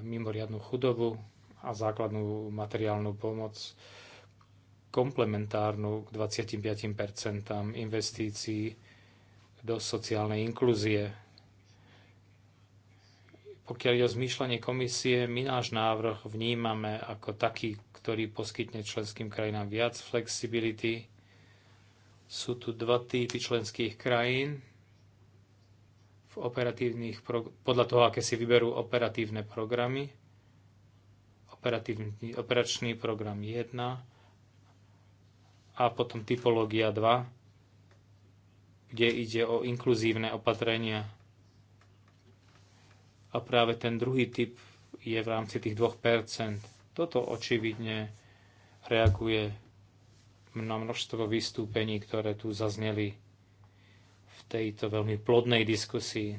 mimoriadnú chudobu a základnú materiálnu pomoc komplementárnu k 25% investícií do sociálnej inklúzie. Pokiaľ je o zmýšľanie komisie, my náš návrh vnímame ako taký ktorý poskytne členským krajinám viac flexibility. Sú tu dva typy členských krajín v operatívnych, podľa toho, aké si vyberú operatívne programy. Operatívny, operačný program 1 a potom typológia 2, kde ide o inkluzívne opatrenia. A práve ten druhý typ je v rámci tých 2%. Toto očividne reaguje na množstvo vystúpení, ktoré tu zazneli v tejto veľmi plodnej diskusii.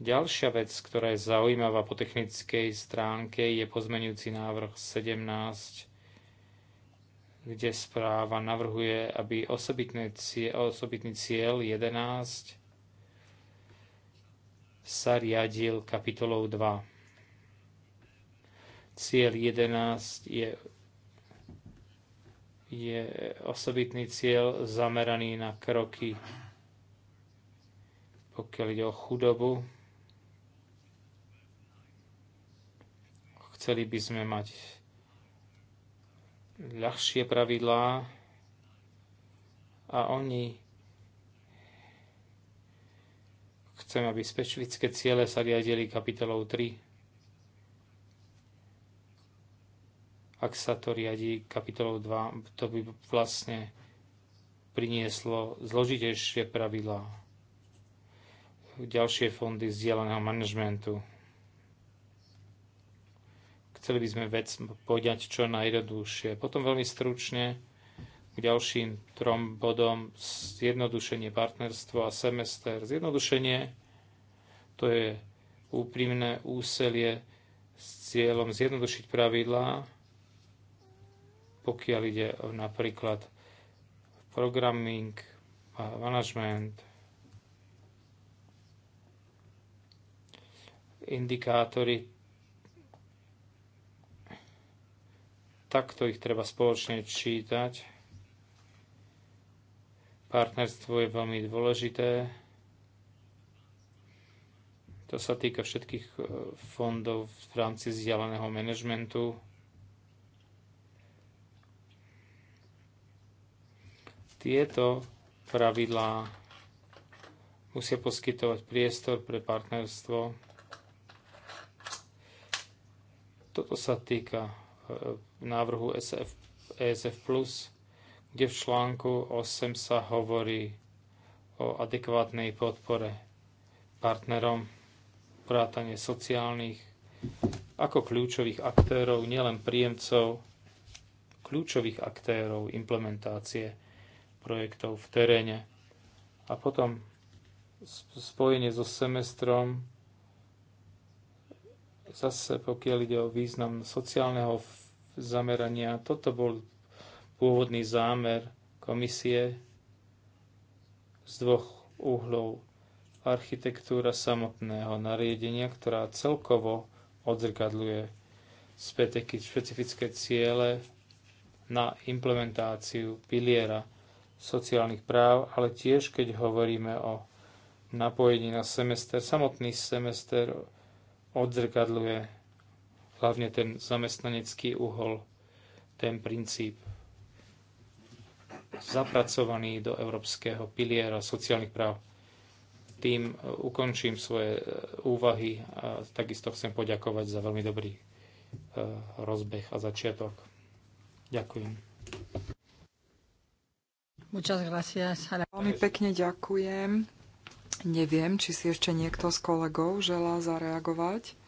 Ďalšia vec, ktorá je zaujímavá po technickej stránke, je pozmenujúci návrh 17 kde správa navrhuje, aby osobitný cieľ, osobitný cieľ 11 sa riadil kapitolou 2. Cieľ 11 je, je osobitný cieľ zameraný na kroky, pokiaľ ide o chudobu. Chceli by sme mať ľahšie pravidlá a oni chcem, aby specifické ciele sa riadili kapitolou 3. ak sa to riadi kapitolou 2, to by vlastne prinieslo zložitejšie pravidlá, ďalšie fondy zdieľaného manažmentu. Chceli by sme vec poďať čo najjednoduchšie. Potom veľmi stručne k ďalším trom bodom zjednodušenie partnerstvo a semester. Zjednodušenie to je úprimné úselie s cieľom zjednodušiť pravidlá, pokiaľ ide o napríklad programming, management, indikátory, takto ich treba spoločne čítať. Partnerstvo je veľmi dôležité. To sa týka všetkých eh, fondov v rámci vzdialeného manažmentu. Tieto pravidlá musia poskytovať priestor pre partnerstvo. Toto sa týka e, návrhu SF, ESF+, kde v článku 8 sa hovorí o adekvátnej podpore partnerom, vrátane sociálnych, ako kľúčových aktérov, nielen príjemcov, kľúčových aktérov implementácie projektov v teréne. A potom spojenie so semestrom, zase pokiaľ ide o význam sociálneho zamerania, toto bol pôvodný zámer komisie z dvoch uhlov. Architektúra samotného nariadenia, ktorá celkovo odzrkadľuje späť špecifické ciele na implementáciu piliera – sociálnych práv, ale tiež keď hovoríme o napojení na semester, samotný semester odzrkadľuje hlavne ten zamestnanecký uhol, ten princíp zapracovaný do európskeho piliera sociálnych práv. Tým e, ukončím svoje e, úvahy a takisto chcem poďakovať za veľmi dobrý e, rozbeh a začiatok. Ďakujem. Veľmi pekne ďakujem. Neviem, či si ešte niekto z kolegov želá zareagovať.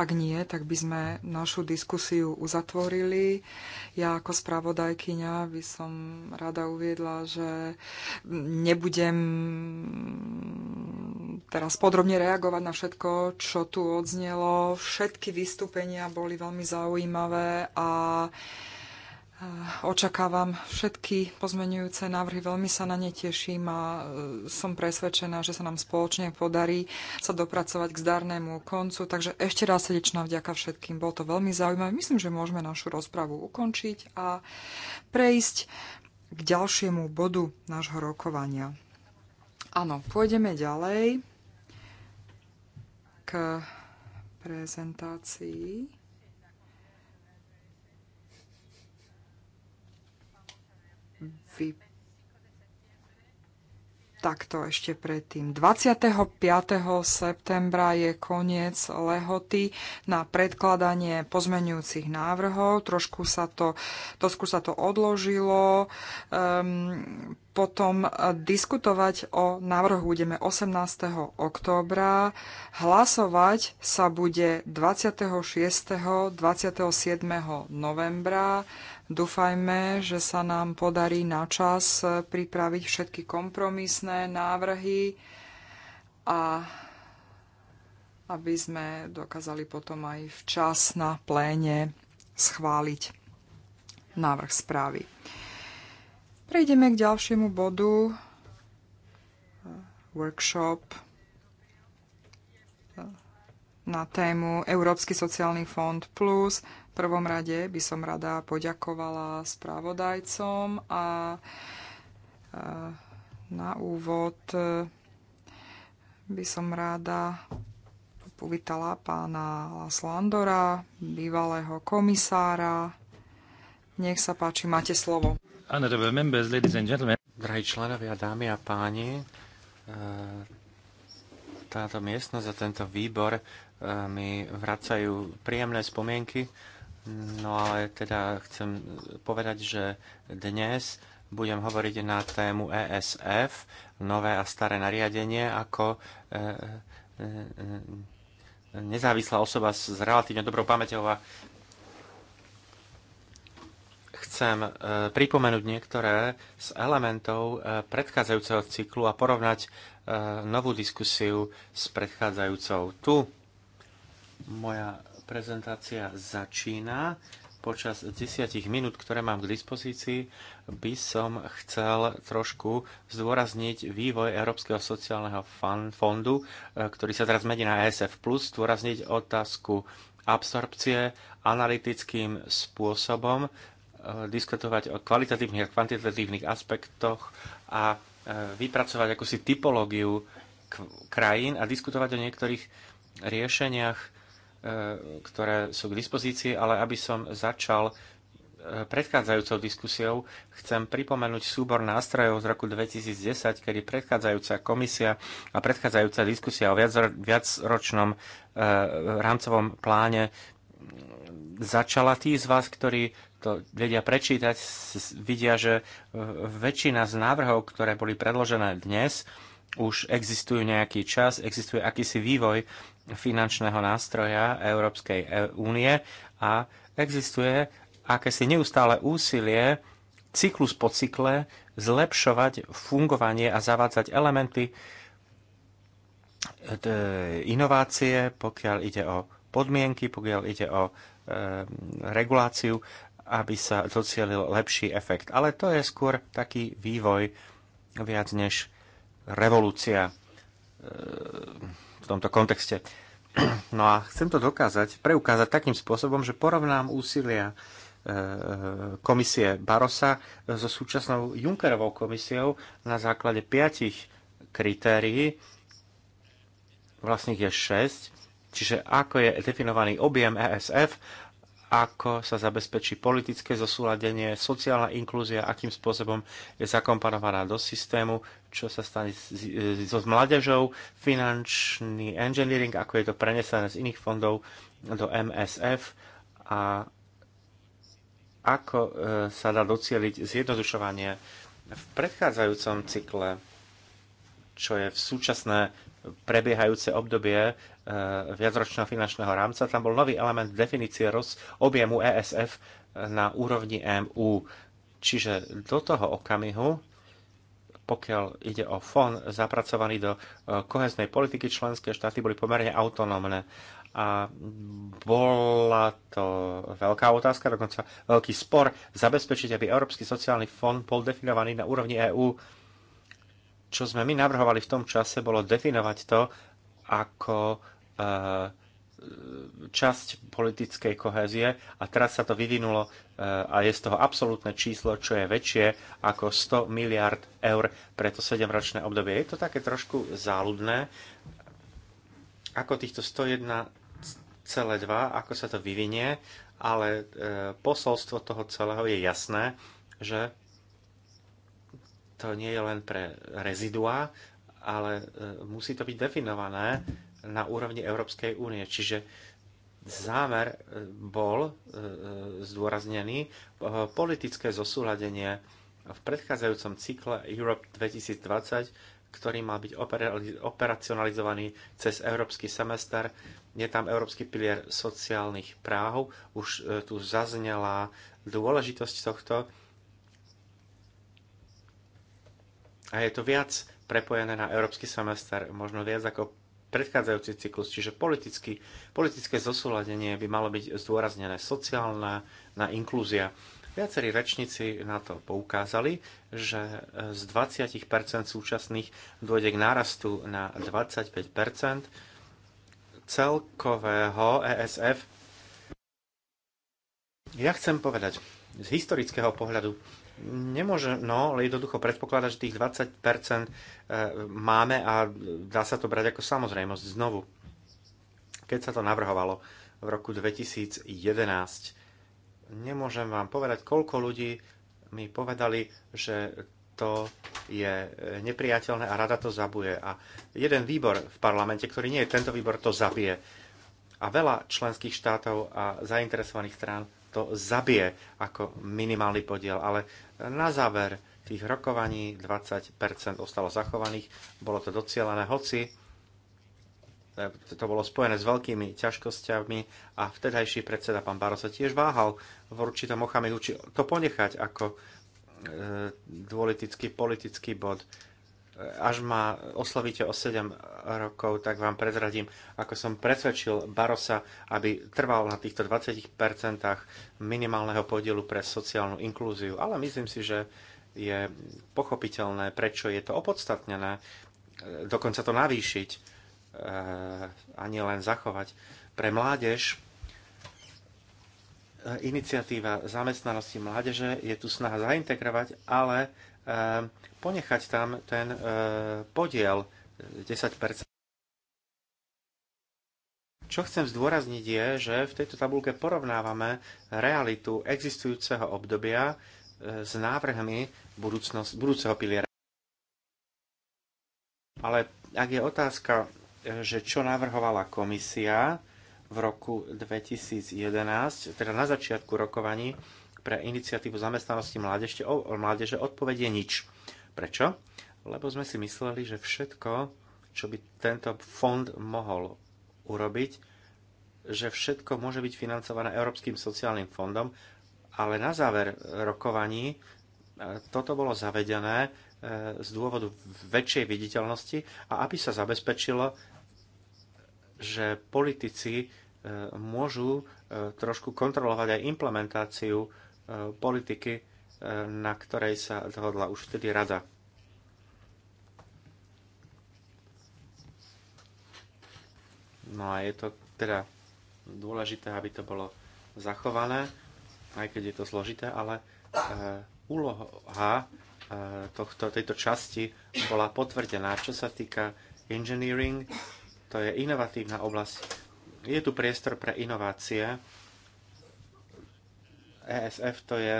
Ak nie, tak by sme našu diskusiu uzatvorili. Ja ako spravodajkyňa by som rada uviedla, že nebudem teraz podrobne reagovať na všetko, čo tu odznelo. Všetky vystúpenia boli veľmi zaujímavé a Očakávam všetky pozmenujúce návrhy, veľmi sa na ne teším a e, som presvedčená, že sa nám spoločne podarí sa dopracovať k zdarnému koncu. Takže ešte raz srdečná vďaka všetkým, bolo to veľmi zaujímavé. Myslím, že môžeme našu rozpravu ukončiť a prejsť k ďalšiemu bodu nášho rokovania. Áno, pôjdeme ďalej k prezentácii takto ešte predtým. 25. septembra je koniec lehoty na predkladanie pozmenujúcich návrhov. Trošku sa to, trošku sa to odložilo. Um, potom diskutovať o návrhu budeme 18. októbra. Hlasovať sa bude 26. 27. novembra Dúfajme, že sa nám podarí na čas pripraviť všetky kompromisné návrhy a aby sme dokázali potom aj včas na pléne schváliť návrh správy. Prejdeme k ďalšiemu bodu. Workshop na tému Európsky sociálny fond plus prvom rade by som rada poďakovala správodajcom a e, na úvod e, by som rada uvítala pána Laslandora, bývalého komisára. Nech sa páči, máte slovo. Drahí členovia, dámy a páni, e, táto miestnosť a tento výbor mi vracajú príjemné spomienky No ale teda chcem povedať, že dnes budem hovoriť na tému ESF, nové a staré nariadenie, ako e, e, e, nezávislá osoba s relatívne dobrou pamäťou a chcem pripomenúť niektoré z elementov predchádzajúceho cyklu a porovnať novú diskusiu s predchádzajúcou. Tu moja prezentácia začína. Počas 10 minút, ktoré mám k dispozícii, by som chcel trošku zdôrazniť vývoj Európskeho sociálneho fondu, eh, ktorý sa teraz mení na ESF+, zdôrazniť otázku absorpcie analytickým spôsobom, eh, diskutovať o kvalitatívnych a kvantitatívnych aspektoch a eh, vypracovať akúsi typológiu krajín a diskutovať o niektorých riešeniach Eh, ktoré sú k dispozícii, ale aby som začal eh, predchádzajúcou diskusiou, chcem pripomenúť súbor nástrojov z roku 2010, kedy predchádzajúca komisia a predchádzajúca diskusia o viacročnom eh, rámcovom pláne mm, začala tí z vás, ktorí to vedia prečítať, vidia, že väčšina z návrhov, ktoré boli predložené dnes, už existujú nejaký čas, existuje akýsi vývoj finančného nástroja Európskej e- únie a existuje akési neustále úsilie cyklus po cykle zlepšovať fungovanie a zavádzať elementy e, inovácie, pokiaľ ide o podmienky, pokiaľ ide o e, reguláciu, aby sa docielil lepší efekt. Ale to je skôr taký vývoj viac než revolúcia. E, tomto kontexte. No a chcem to dokázať, preukázať takým spôsobom, že porovnám úsilia e, komisie Barosa so súčasnou Junckerovou komisiou na základe piatich kritérií, vlastných je 6, čiže ako je definovaný objem ESF ako sa zabezpečí politické zosúladenie, sociálna inklúzia, akým spôsobom je zakomponovaná do systému, čo sa stane so mládežou, finančný engineering, ako je to prenesené z iných fondov do MSF a ako e, sa dá docieliť zjednodušovanie v predchádzajúcom cykle čo je v súčasné prebiehajúce obdobie eh, viacročného finančného rámca. Tam bol nový element definície roz objemu ESF eh, na úrovni EMU. Čiže do toho okamihu pokiaľ ide o fond zapracovaný do eh, koheznej politiky, členské štáty boli pomerne autonómne. A bola to veľká otázka, dokonca veľký spor, zabezpečiť, aby Európsky sociálny fond bol definovaný na úrovni EÚ čo sme my navrhovali v tom čase, bolo definovať to ako e, časť politickej kohézie a teraz sa to vyvinulo e, a je z toho absolútne číslo, čo je väčšie ako 100 miliard eur pre to 7-ročné obdobie. Je to také trošku záľudné, ako týchto 101,2, ako sa to vyvinie, ale e, posolstvo toho celého je jasné, že to nie je len pre reziduá, ale e, musí to byť definované na úrovni Európskej únie. Čiže zámer e, bol e, zdôraznený politické zosúladenie v predchádzajúcom cykle Europe 2020, ktorý mal byť operacionalizovaný cez európsky semester. Je tam európsky pilier sociálnych práv. Už tu zaznela dôležitosť tohto a je to viac prepojené na európsky semester, možno viac ako predchádzajúci cyklus, čiže politicky, politické zosúladenie by malo byť zdôraznené sociálna na inklúzia. Viacerí rečníci na to poukázali, že z 20 súčasných dôjde k nárastu na 25 celkového ESF. Ja chcem povedať, z historického pohľadu Nemôže, no, ale jednoducho predpokladá, že tých 20% e, máme a dá sa to brať ako samozrejmosť znovu. Keď sa to navrhovalo v roku 2011, nemôžem vám povedať, koľko ľudí mi povedali, že to je nepriateľné a rada to zabuje. A jeden výbor v parlamente, ktorý nie je tento výbor, to zabije. A veľa členských štátov a zainteresovaných strán to zabije ako minimálny podiel. Ale na záver tých rokovaní 20 ostalo zachovaných, bolo to docielené, hoci e, to bolo spojené s veľkými ťažkosťami a vtedajší predseda pán Baro sa tiež váhal v určitom okamihu, či to ponechať ako e, dôlitický politický bod až ma oslovíte o 7 rokov, tak vám prezradím, ako som presvedčil Barosa, aby trval na týchto 20% minimálneho podielu pre sociálnu inklúziu. Ale myslím si, že je pochopiteľné, prečo je to opodstatnené, eh, dokonca to navýšiť eh, a nie len zachovať. Pre mládež eh, iniciatíva zamestnanosti mládeže je tu snaha zaintegrovať, ale Ehm, ponechať tam ten eh, podiel 10%. Eh, čo chcem zdôrazniť je, že v tejto tabulke porovnávame realitu existujúceho obdobia eh, s návrhmi budúceho piliera. Ale ak je otázka, že čo navrhovala komisia v roku 2011, teda na začiatku rokovaní, pre iniciatívu zamestnanosti mládeže, mládeže odpovedie nič. Prečo? Lebo sme si mysleli, že všetko, čo by tento fond mohol urobiť, že všetko môže byť financované Európskym sociálnym fondom, ale na záver rokovaní e, toto bolo zavedené e, z dôvodu väčšej viditeľnosti a aby sa zabezpečilo, že politici e, môžu trošku kontrolovať aj implementáciu politiky, eh, na ktorej sa dohodla už vtedy rada. No a je to teda dôležité, aby to bolo zachované, aj keď je to zložité, ale eh, úloha eh, tohto, tejto časti bola potvrdená. Čo sa týka engineering, to je inovatívna oblasť. Je tu priestor pre inovácie, ESF to je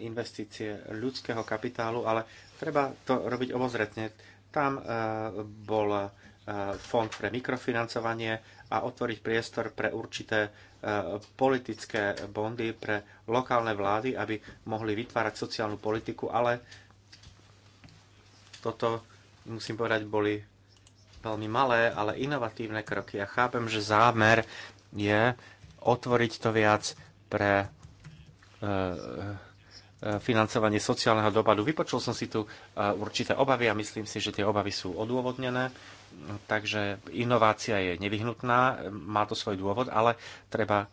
investície ľudského kapitálu, ale treba to robiť obozretne. Tam e, bol e, fond pre mikrofinancovanie a otvoriť priestor pre určité e, politické bondy pre lokálne vlády, aby mohli vytvárať sociálnu politiku, ale toto, musím povedať, boli veľmi malé, ale inovatívne kroky. a chápem, že zámer je otvoriť to viac pre Eh, eh, financovanie sociálneho dopadu. Vypočul som si tu eh, určité obavy a myslím si, že tie obavy sú odôvodnené. Takže inovácia je nevyhnutná, má to svoj dôvod, ale treba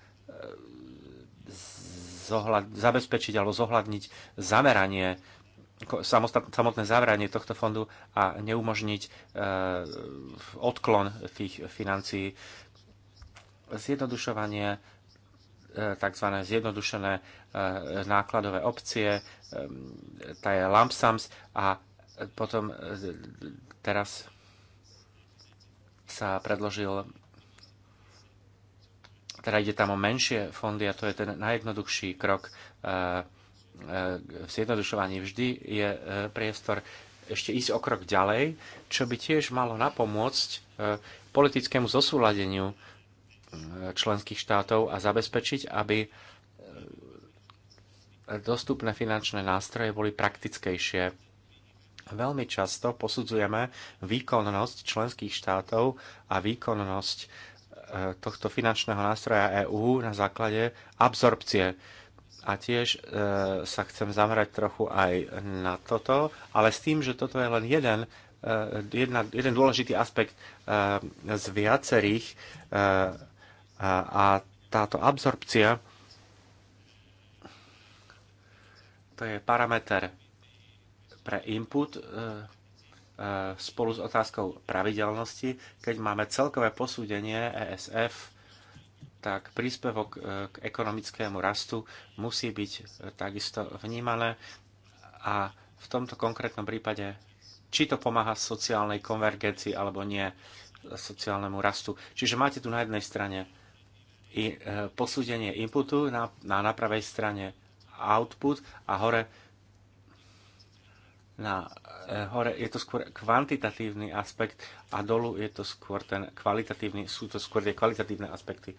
zohľad, zabezpečiť alebo zohľadniť zameranie samotné zameranie tohto fondu a neumožniť odklon tých financií. Zjednodušovanie, tzv. zjednodušené Eh, nákladové opcie, eh, tá je lump sums a potom eh, teraz sa predložil teda ide tam o menšie fondy a to je ten najjednoduchší krok v zjednodušovaní. Vždy je priestor ešte ísť o krok ďalej, čo by tiež malo napomôcť politickému zosúladeniu členských štátov a zabezpečiť, aby dostupné finančné nástroje boli praktickejšie. Veľmi často posudzujeme výkonnosť členských štátov a výkonnosť e, tohto finančného nástroja EÚ na základe absorpcie. A tiež e, sa chcem zamerať trochu aj na toto, ale s tým, že toto je len jeden, e, jedna, jeden dôležitý aspekt z viacerých a táto absorpcia To je parameter pre input e, e, spolu s otázkou pravidelnosti. Keď máme celkové posúdenie ESF, tak príspevok e, k ekonomickému rastu musí byť takisto vnímané a v tomto konkrétnom prípade, či to pomáha sociálnej konvergencii alebo nie sociálnemu rastu. Čiže máte tu na jednej strane posúdenie inputu na, na, na pravej strane output a hore na e, hore je to skôr kvantitatívny aspekt a dolu je to skôr ten kvalitatívny, sú to skôr tie kvalitatívne aspekty.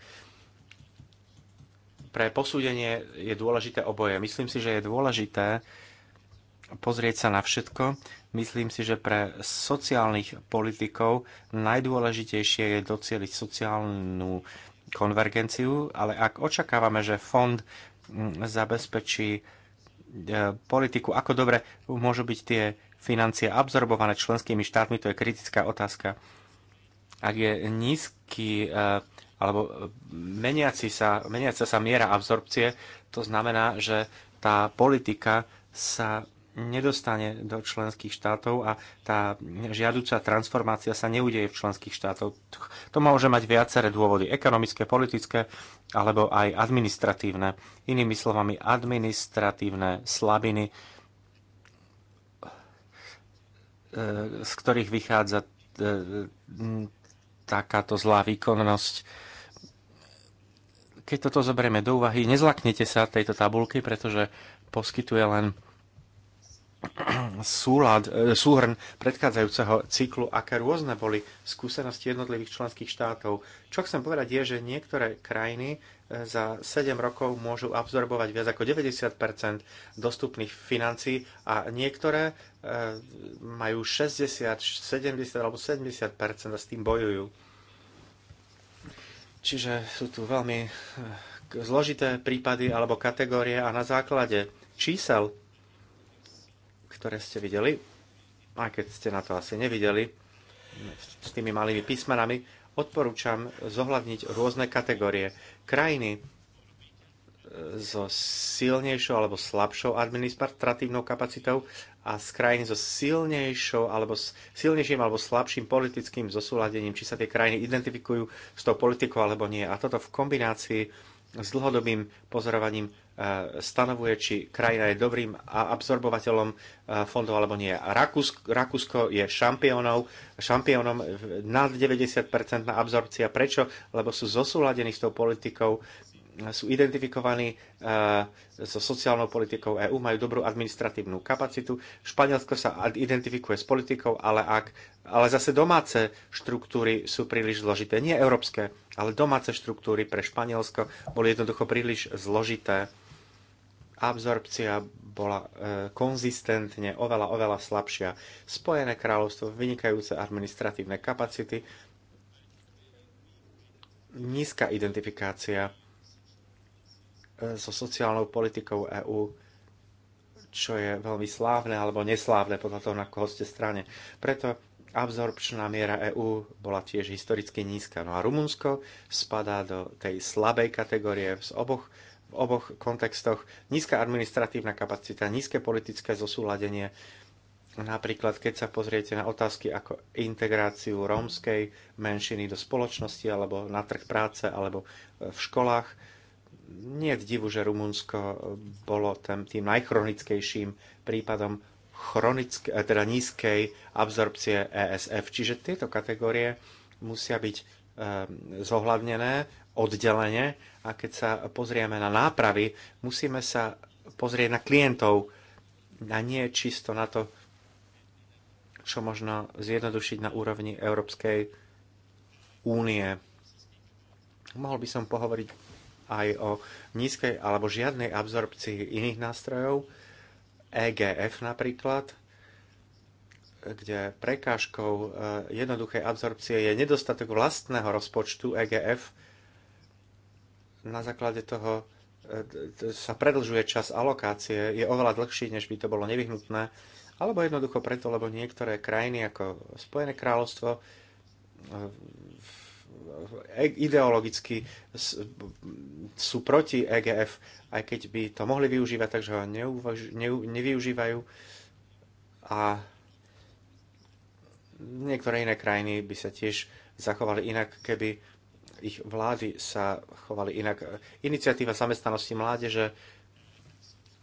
Pre posúdenie je dôležité oboje. Myslím si, že je dôležité pozrieť sa na všetko. Myslím si, že pre sociálnych politikov najdôležitejšie je docieliť sociálnu konvergenciu, ale ak očakávame, že fond zabezpečí e, politiku, ako dobre môžu byť tie financie absorbované členskými štátmi, to je kritická otázka. Ak je nízky e, alebo meniaci sa, meniaca sa miera absorpcie, to znamená, že tá politika sa nedostane do členských štátov a tá žiaduca transformácia sa neudeje v členských štátoch. To môže mať viaceré dôvody, ekonomické, politické, alebo aj administratívne. Inými slovami, administratívne slabiny, e, z ktorých vychádza e, takáto zlá výkonnosť. Keď toto zoberieme do úvahy, nezlaknite sa tejto tabulky, pretože poskytuje len súlad, e, súhrn predchádzajúceho cyklu, aké rôzne boli skúsenosti jednotlivých členských štátov. Čo chcem povedať je, že niektoré krajiny e, za 7 rokov môžu absorbovať viac ako 90 dostupných financií a niektoré e, majú 60, 70 alebo 70 a s tým bojujú. Čiže sú tu veľmi zložité prípady alebo kategórie a na základe čísel ktoré ste videli, aj keď ste na to asi nevideli, s tými malými písmenami, odporúčam zohľadniť rôzne kategórie. Krajiny e, so silnejšou alebo slabšou administratívnou kapacitou a z krajiny so silnejšou alebo silnejším alebo slabším politickým zosúladením, či sa tie krajiny identifikujú s tou politikou alebo nie. A toto v kombinácii s dlhodobým pozorovaním e, stanovuje, či krajina je dobrým absorbovateľom e, fondov alebo nie. Rakúsko, Rakúsko je šampiónom, šampiónom nad 90% absorpcia. Prečo? Lebo sú zosúladení s tou politikou sú identifikovaní eh, so sociálnou politikou EÚ, majú dobrú administratívnu kapacitu. Španielsko sa identifikuje s politikou, ale, ak, ale zase domáce štruktúry sú príliš zložité. Nie európske, ale domáce štruktúry pre Španielsko boli jednoducho príliš zložité. Absorpcia bola eh, konzistentne oveľa, oveľa slabšia. Spojené kráľovstvo, vynikajúce administratívne kapacity, nízka identifikácia E, so sociálnou politikou EÚ, čo je veľmi slávne alebo neslávne podľa toho, na koho ste strane. Preto absorpčná miera EÚ bola tiež historicky nízka. No a Rumunsko spadá do tej slabej kategórie z oboch, v oboch kontextoch. Nízka administratívna kapacita, nízke politické zosúladenie. Napríklad, keď sa pozriete na otázky ako integráciu rómskej menšiny do spoločnosti alebo na trh práce alebo v školách, nie je divu, že Rumunsko bolo tam tým najchronickejším prípadom chronick- eh, teda nízkej absorpcie ESF. Čiže tieto kategórie musia byť eh, zohľadnené oddelené. a keď sa pozrieme na nápravy, musíme sa pozrieť na klientov a nie čisto na to, čo možno zjednodušiť na úrovni Európskej únie. Mohol by som pohovoriť aj o nízkej alebo žiadnej absorpcii iných nástrojov, EGF napríklad, kde prekážkou e, jednoduchej absorpcie je nedostatok vlastného rozpočtu EGF. Na základe toho e, sa predlžuje čas alokácie, je oveľa dlhší, než by to bolo nevyhnutné, alebo jednoducho preto, lebo niektoré krajiny ako Spojené kráľovstvo e, v ideologicky sú proti EGF, aj keď by to mohli využívať, takže ho neuvaž- ne, nevyužívajú. A niektoré iné krajiny by sa tiež zachovali inak, keby ich vlády sa chovali inak. Iniciatíva zamestnanosti mládeže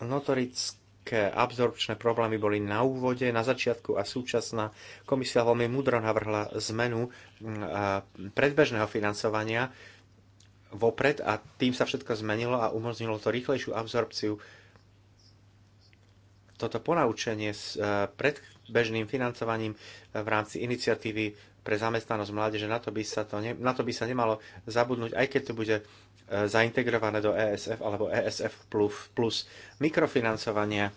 notoricky aké absorpčné problémy boli na úvode, na začiatku a súčasná komisia veľmi múdro navrhla zmenu mm, predbežného financovania vopred a tým sa všetko zmenilo a umožnilo to rýchlejšiu absorpciu. Toto ponaučenie s e, predbežným financovaním e, v rámci iniciatívy pre zamestnanosť mládeže, na to by sa, to ne, na to by sa nemalo zabudnúť, aj keď to bude E, zaintegrované do ESF alebo ESF plus mikrofinancovanie.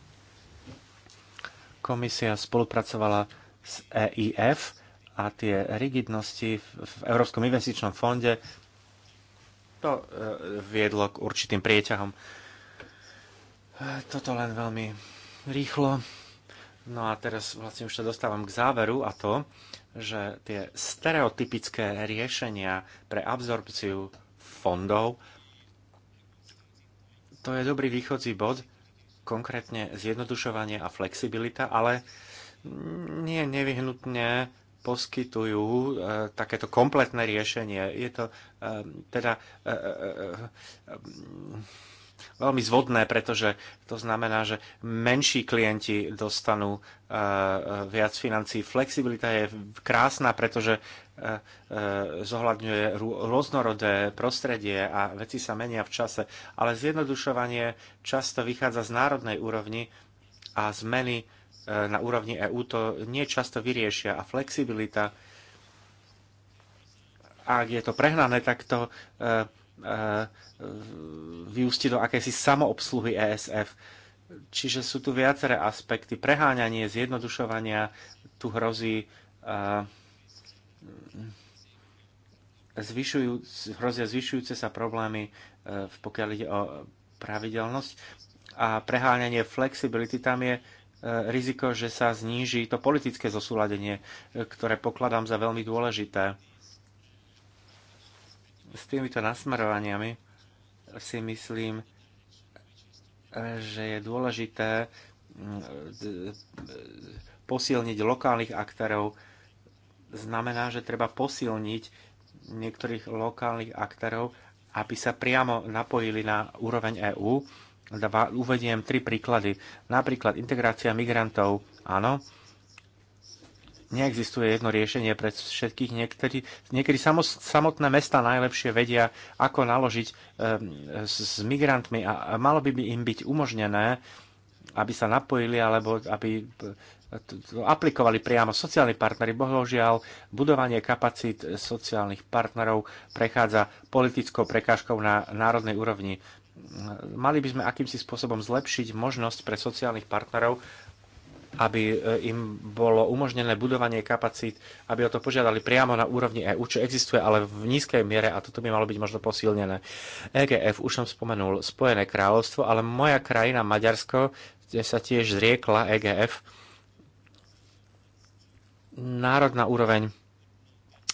Komisia spolupracovala s EIF a tie rigidnosti v Európskom investičnom fonde to e, viedlo k určitým prieťahom. E, toto len veľmi rýchlo. No a teraz vlastne už sa dostávam k záveru a to, že tie stereotypické riešenia pre absorpciu fondov. To je dobrý východzí bod, konkrétne zjednodušovanie a flexibilita, ale nie nevyhnutne poskytujú e, takéto kompletné riešenie. Je to e, teda e, e, e, e veľmi zvodné, pretože to znamená, že menší klienti dostanú e, e, viac financí. Flexibilita je krásna, pretože e, zohľadňuje rôznorodé prostredie a veci sa menia v čase, ale zjednodušovanie často vychádza z národnej úrovni a zmeny na úrovni EÚ to nie často vyriešia a flexibilita ak je to prehnané, tak to Eh, vyústi do akejsi samoobsluhy ESF. Čiže sú tu viaceré aspekty. Preháňanie, zjednodušovania, tu hrozí eh, hrozia zvyšujúce sa problémy, eh, pokiaľ ide o pravidelnosť. A preháňanie flexibility, tam je riziko, že sa zníži to politické zosúladenie, ktoré pokladám za veľmi dôležité s týmito nasmerovaniami si myslím, že je dôležité mm, posilniť lokálnych aktérov. Znamená, že treba posilniť niektorých lokálnych aktérov, aby sa priamo napojili na úroveň EÚ. Uvediem tri príklady. Napríklad integrácia migrantov. Áno, neexistuje jedno riešenie pre všetkých. Niektorí, niekedy samotné mesta najlepšie vedia, ako naložiť eh, s migrantmi a malo by im byť umožnené, aby sa napojili alebo aby eh, aplikovali priamo sociálni partnery. Bohužiaľ, budovanie kapacít sociálnych partnerov prechádza politickou prekážkou na národnej úrovni. Mali by sme akýmsi spôsobom zlepšiť možnosť pre sociálnych partnerov aby e, im bolo umožnené budovanie kapacít, aby o to požiadali priamo na úrovni EU, čo existuje, ale v nízkej miere a toto by malo byť možno posilnené. EGF už som spomenul Spojené kráľovstvo, ale moja krajina Maďarsko kde sa tiež zriekla EGF. Národná úroveň,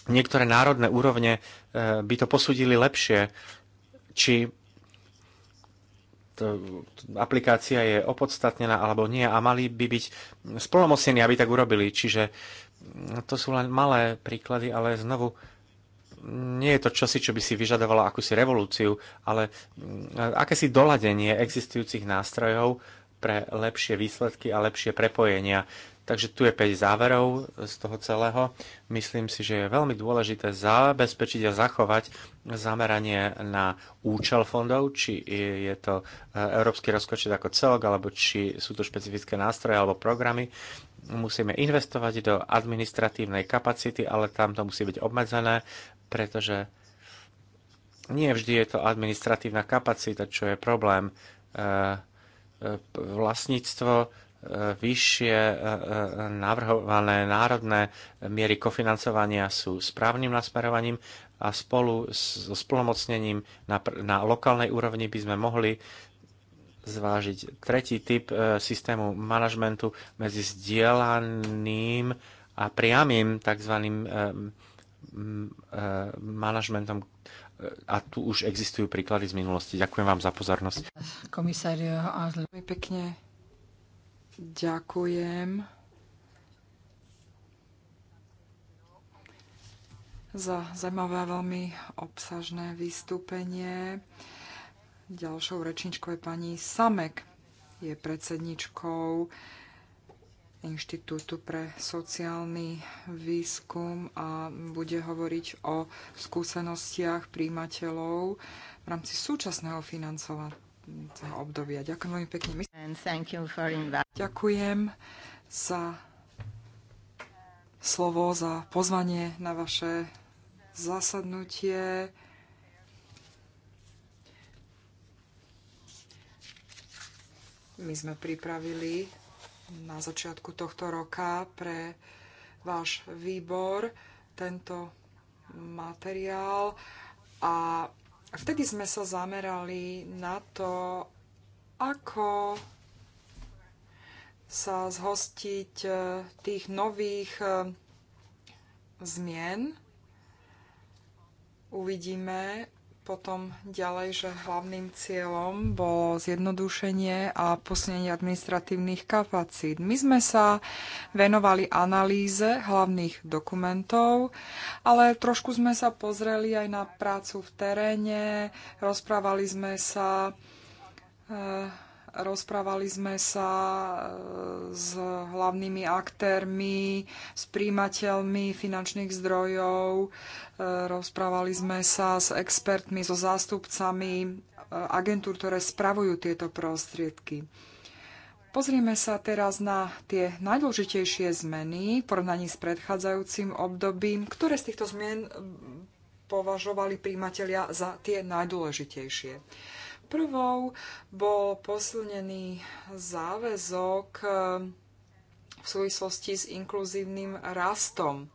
niektoré národné úrovne e, by to posúdili lepšie, či aplikácia je opodstatnená alebo nie a mali by byť splnomocnení, aby tak urobili. Čiže mm, to sú len malé príklady, ale znovu mm, nie je to čosi, čo by si vyžadovalo akúsi revolúciu, ale mm, akési doladenie existujúcich nástrojov pre lepšie výsledky a lepšie prepojenia. Takže tu je 5 záverov z toho celého. Myslím si, že je veľmi dôležité zabezpečiť a zachovať zameranie na účel fondov, či je to e, európsky rozpočet ako celok, alebo či sú to špecifické nástroje alebo programy. Musíme investovať do administratívnej kapacity, ale tam to musí byť obmedzené, pretože nie vždy je to administratívna kapacita, čo je problém. Uh, vlastníctvo, e, vyššie e, e, navrhované národné miery kofinancovania sú správnym nasmerovaním a spolu so splnomocnením na, na lokálnej úrovni by sme mohli zvážiť tretí typ systému manažmentu medzi zdieľaným a priamým tzv. manažmentom a tu už existujú príklady z minulosti. Ďakujem vám za pozornosť. Komisár veľmi eh, Pekne ďakujem za zaujímavé a veľmi obsažné vystúpenie. Ďalšou rečničkou je pani Samek. Je predsedničkou Inštitútu pre sociálny výskum a bude hovoriť o skúsenostiach príjimateľov v rámci súčasného financovaného obdobia. Ďakujem veľmi pekne. Ďakujem za slovo, za pozvanie na vaše zasadnutie. My sme pripravili na začiatku tohto roka pre váš výbor tento materiál a vtedy sme sa zamerali na to, ako sa zhostiť e, tých nových e, zmien. Uvidíme, potom ďalej, že hlavným cieľom bolo zjednodušenie a posunenie administratívnych kapacít. My sme sa venovali analýze hlavných dokumentov, ale trošku sme sa pozreli aj na prácu v teréne, rozprávali sme sa e, rozprávali sme sa e, s hlavnými aktérmi, s príjimateľmi finančných zdrojov, e, rozprávali sme sa s expertmi, so zástupcami e, agentúr, ktoré spravujú tieto prostriedky. Pozrieme sa teraz na tie najdôležitejšie zmeny v porovnaní s predchádzajúcim obdobím. Ktoré z týchto zmien považovali príjmatelia za tie najdôležitejšie? Prvou bol posilnený záväzok eh, v súvislosti s inkluzívnym rastom.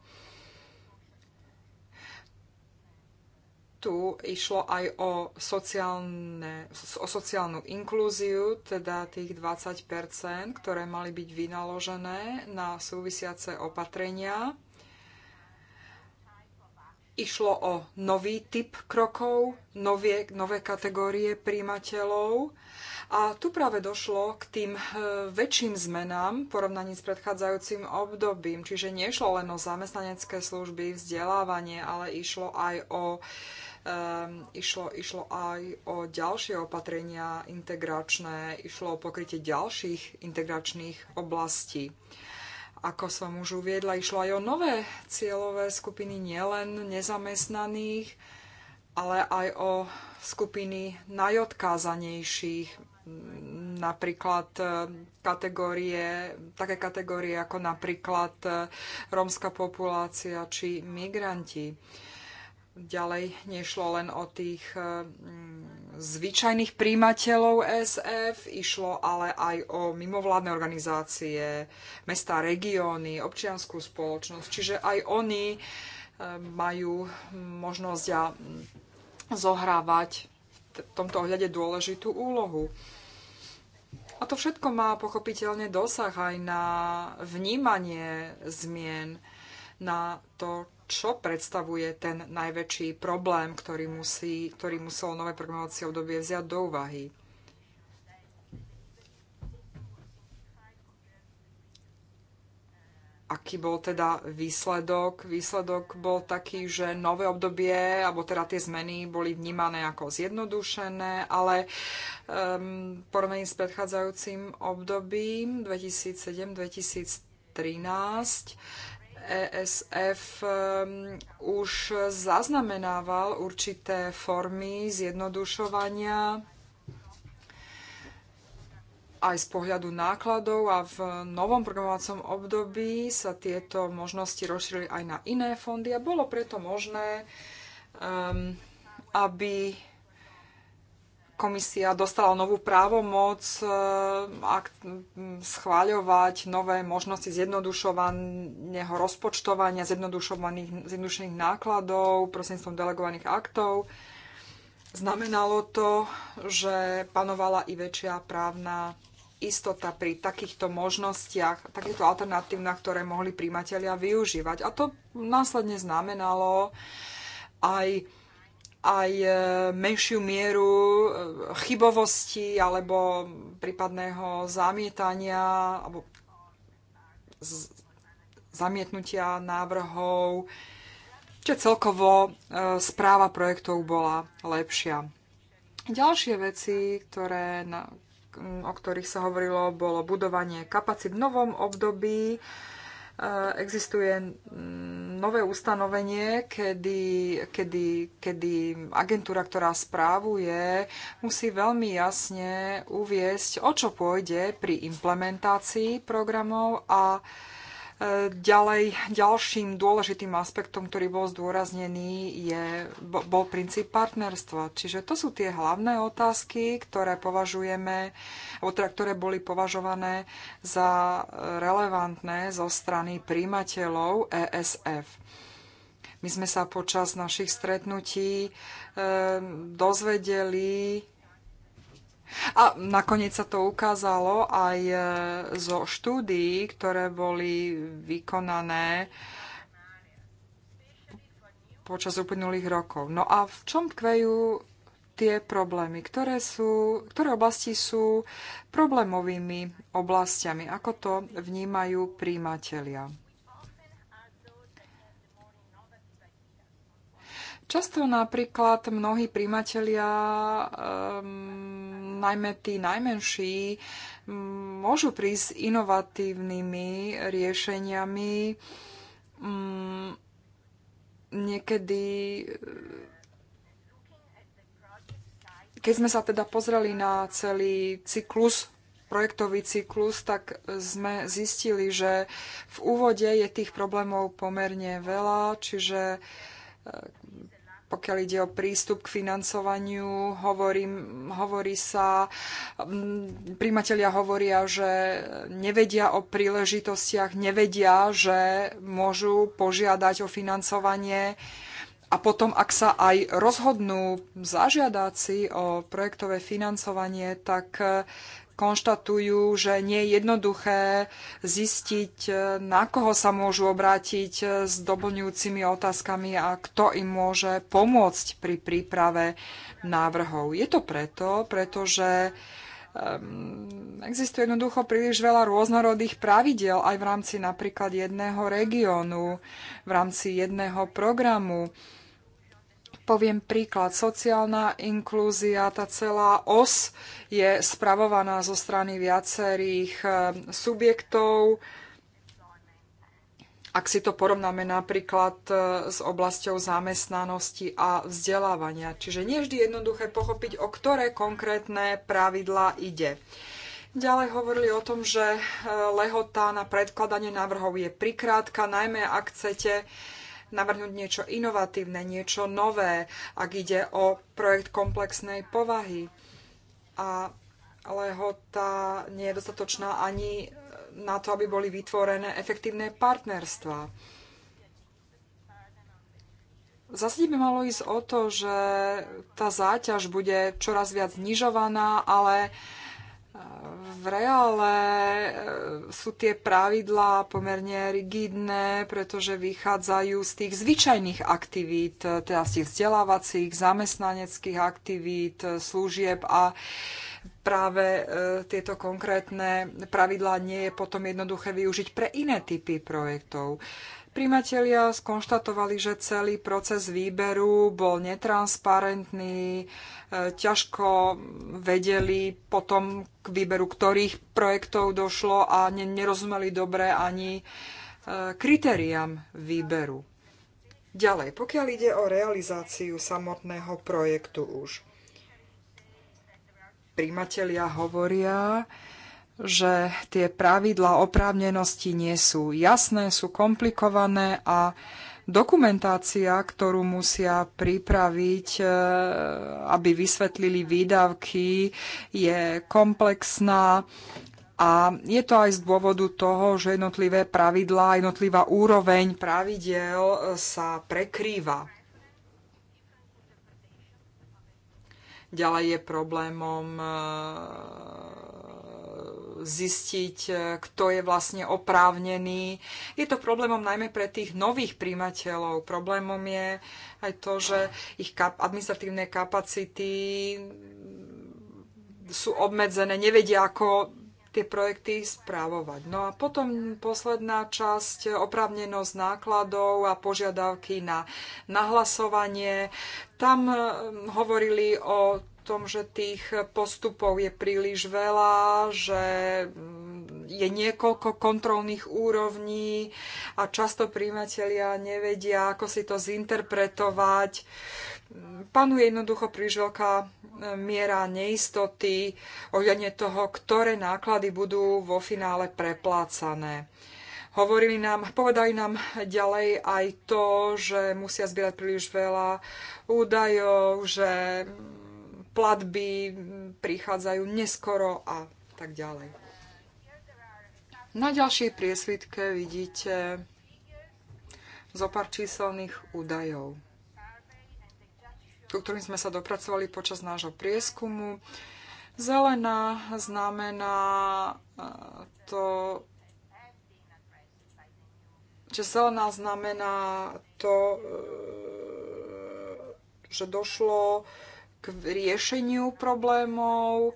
tu išlo aj o, sociálne, o sociálnu inklúziu, teda tých 20 ktoré mali byť vynaložené na súvisiace opatrenia. Išlo o nový typ krokov, nové, nové kategórie príjimateľov a tu práve došlo k tým e, väčším zmenám v porovnaní s predchádzajúcim obdobím. Čiže nešlo len o zamestnanecké služby, vzdelávanie, ale išlo aj o um, išlo, išlo aj o ďalšie opatrenia integračné, išlo o pokrytie ďalších integračných oblastí. Ako som už uviedla, išlo aj o nové cieľové skupiny, nielen nezamestnaných, ale aj o skupiny najodkázanejších, napríklad e, kategórie, také kategórie ako napríklad e, rómska populácia či migranti. Ďalej nešlo len o tých e, zvyčajných príjimateľov SF, išlo ale aj o mimovládne organizácie, mesta, regióny, občianskú spoločnosť, čiže aj oni e, majú možnosť zohrávať v tomto ohľade dôležitú úlohu. A to všetko má pochopiteľne dosah aj na vnímanie zmien, na to, čo predstavuje ten najväčší problém, ktorý, musí, ktorý muselo nové programovacie obdobie vziať do úvahy. aký bol teda výsledok. Výsledok bol taký, že nové obdobie, alebo teda tie zmeny boli vnímané ako zjednodušené, ale um, porovnaní s predchádzajúcim obdobím 2007-2013 ESF um, už zaznamenával určité formy zjednodušovania aj z pohľadu nákladov a v novom programovacom období sa tieto možnosti rozšírili aj na iné fondy a bolo preto možné, um, aby komisia dostala novú právomoc e, schváľovať nové možnosti zjednodušovaného rozpočtovania, zjednodušovaných, zjednodušených nákladov prostredníctvom delegovaných aktov. Znamenalo to, že panovala i väčšia právna istota pri takýchto možnostiach, takýchto alternatívnach, ktoré mohli príjmatelia využívať. A to následne znamenalo aj aj e, menšiu mieru e, chybovosti alebo prípadného zamietania alebo zamietnutia návrhov. Čiže celkovo e, správa projektov bola lepšia. Ďalšie veci, ktoré na, o ktorých sa hovorilo, bolo budovanie kapacít v novom období existuje nové ustanovenie, kedy, kedy, kedy agentúra, ktorá správuje, musí veľmi jasne uviesť, o čo pôjde pri implementácii programov a Ďalej, ďalším dôležitým aspektom, ktorý bol zdôraznený, je, bol princíp partnerstva. Čiže to sú tie hlavné otázky, ktoré považujeme, teda, ktoré boli považované za relevantné zo strany príjmateľov ESF. My sme sa počas našich stretnutí e, dozvedeli, a nakoniec sa to ukázalo aj e, zo štúdií, ktoré boli vykonané počas uplynulých rokov. No a v čom tkvejú tie problémy? Ktoré, sú, ktoré oblasti sú problémovými oblastiami? Ako to vnímajú príjimatelia? Často napríklad mnohí príjmatelia, um, najmä tí najmenší, um, môžu prísť s inovatívnymi riešeniami. Um, niekedy, keď sme sa teda pozreli na celý cyklus projektový cyklus, tak sme zistili, že v úvode je tých problémov pomerne veľa, čiže pokiaľ ide o prístup k financovaniu, hovorím, hovorí sa, mm, Primatelia hovoria, že nevedia o príležitostiach, nevedia, že môžu požiadať o financovanie a potom, ak sa aj rozhodnú zažiadať si o projektové financovanie, tak konštatujú, že nie je jednoduché zistiť, e, na koho sa môžu obrátiť e, s doplňujúcimi otázkami a kto im môže pomôcť pri príprave návrhov. Je to preto, pretože existuje jednoducho príliš veľa rôznorodých pravidel aj v rámci napríklad jedného regiónu, v rámci jedného programu Poviem príklad. Sociálna inklúzia, tá celá os je spravovaná zo strany viacerých eh, subjektov. Ak si to porovnáme napríklad eh, s oblasťou zamestnanosti a vzdelávania. Čiže nie vždy jednoduché pochopiť, o ktoré konkrétne pravidlá ide. Ďalej hovorili o tom, že eh, lehota na predkladanie návrhov je prikrátka, najmä ak chcete navrhnúť niečo inovatívne, niečo nové, ak ide o projekt komplexnej povahy. A lehota nie je dostatočná ani na to, aby boli vytvorené efektívne partnerstvá. Zase by malo ísť o to, že tá záťaž bude čoraz viac znižovaná, ale v reále e, sú tie pravidlá pomerne rigidné, pretože vychádzajú z tých zvyčajných aktivít, e, teda z tých vzdelávacích, zamestnaneckých aktivít, e, služieb a práve tieto konkrétne pravidlá nie je potom jednoduché využiť pre iné typy projektov. Primatelia skonštatovali, že celý proces výberu bol netransparentný, e, ťažko vedeli potom k výberu, ktorých projektov došlo a nerozumeli dobre ani e, kritériám výberu. Ďalej, pokiaľ ide o realizáciu samotného projektu už. Primatelia hovoria, že tie pravidlá oprávnenosti nie sú jasné, sú komplikované a dokumentácia, ktorú musia pripraviť, e, aby vysvetlili výdavky, je komplexná. A je to aj z dôvodu toho, že jednotlivé pravidlá, jednotlivá úroveň pravidel e, sa prekrýva. Ďalej je problémom e, zistiť, e, kto je vlastne oprávnený. Je to problémom najmä pre tých nových príjimateľov. Problémom je aj to, že ich kap- administratívne kapacity sú obmedzené, nevedia, ako tie projekty správovať. No a potom posledná časť, oprávnenosť nákladov a požiadavky na nahlasovanie. Tam e, hovorili o tom, že tých postupov je príliš veľa, že mm, je niekoľko kontrolných úrovní a často príjmatelia nevedia, ako si to zinterpretovať. Panuje jednoducho príliš veľká e, miera neistoty ohľadne toho, ktoré náklady budú vo finále preplácané. Hovorili nám, povedali nám ďalej aj to, že musia zbierať príliš veľa údajov, že mm, platby prichádzajú neskoro a tak ďalej. Na ďalšej priesvitke vidíte zo pár číselných údajov, ku ktorým sme sa dopracovali počas nášho prieskumu. Zelená znamená e, to, že zelená znamená to, e, že došlo k riešeniu problémov. E,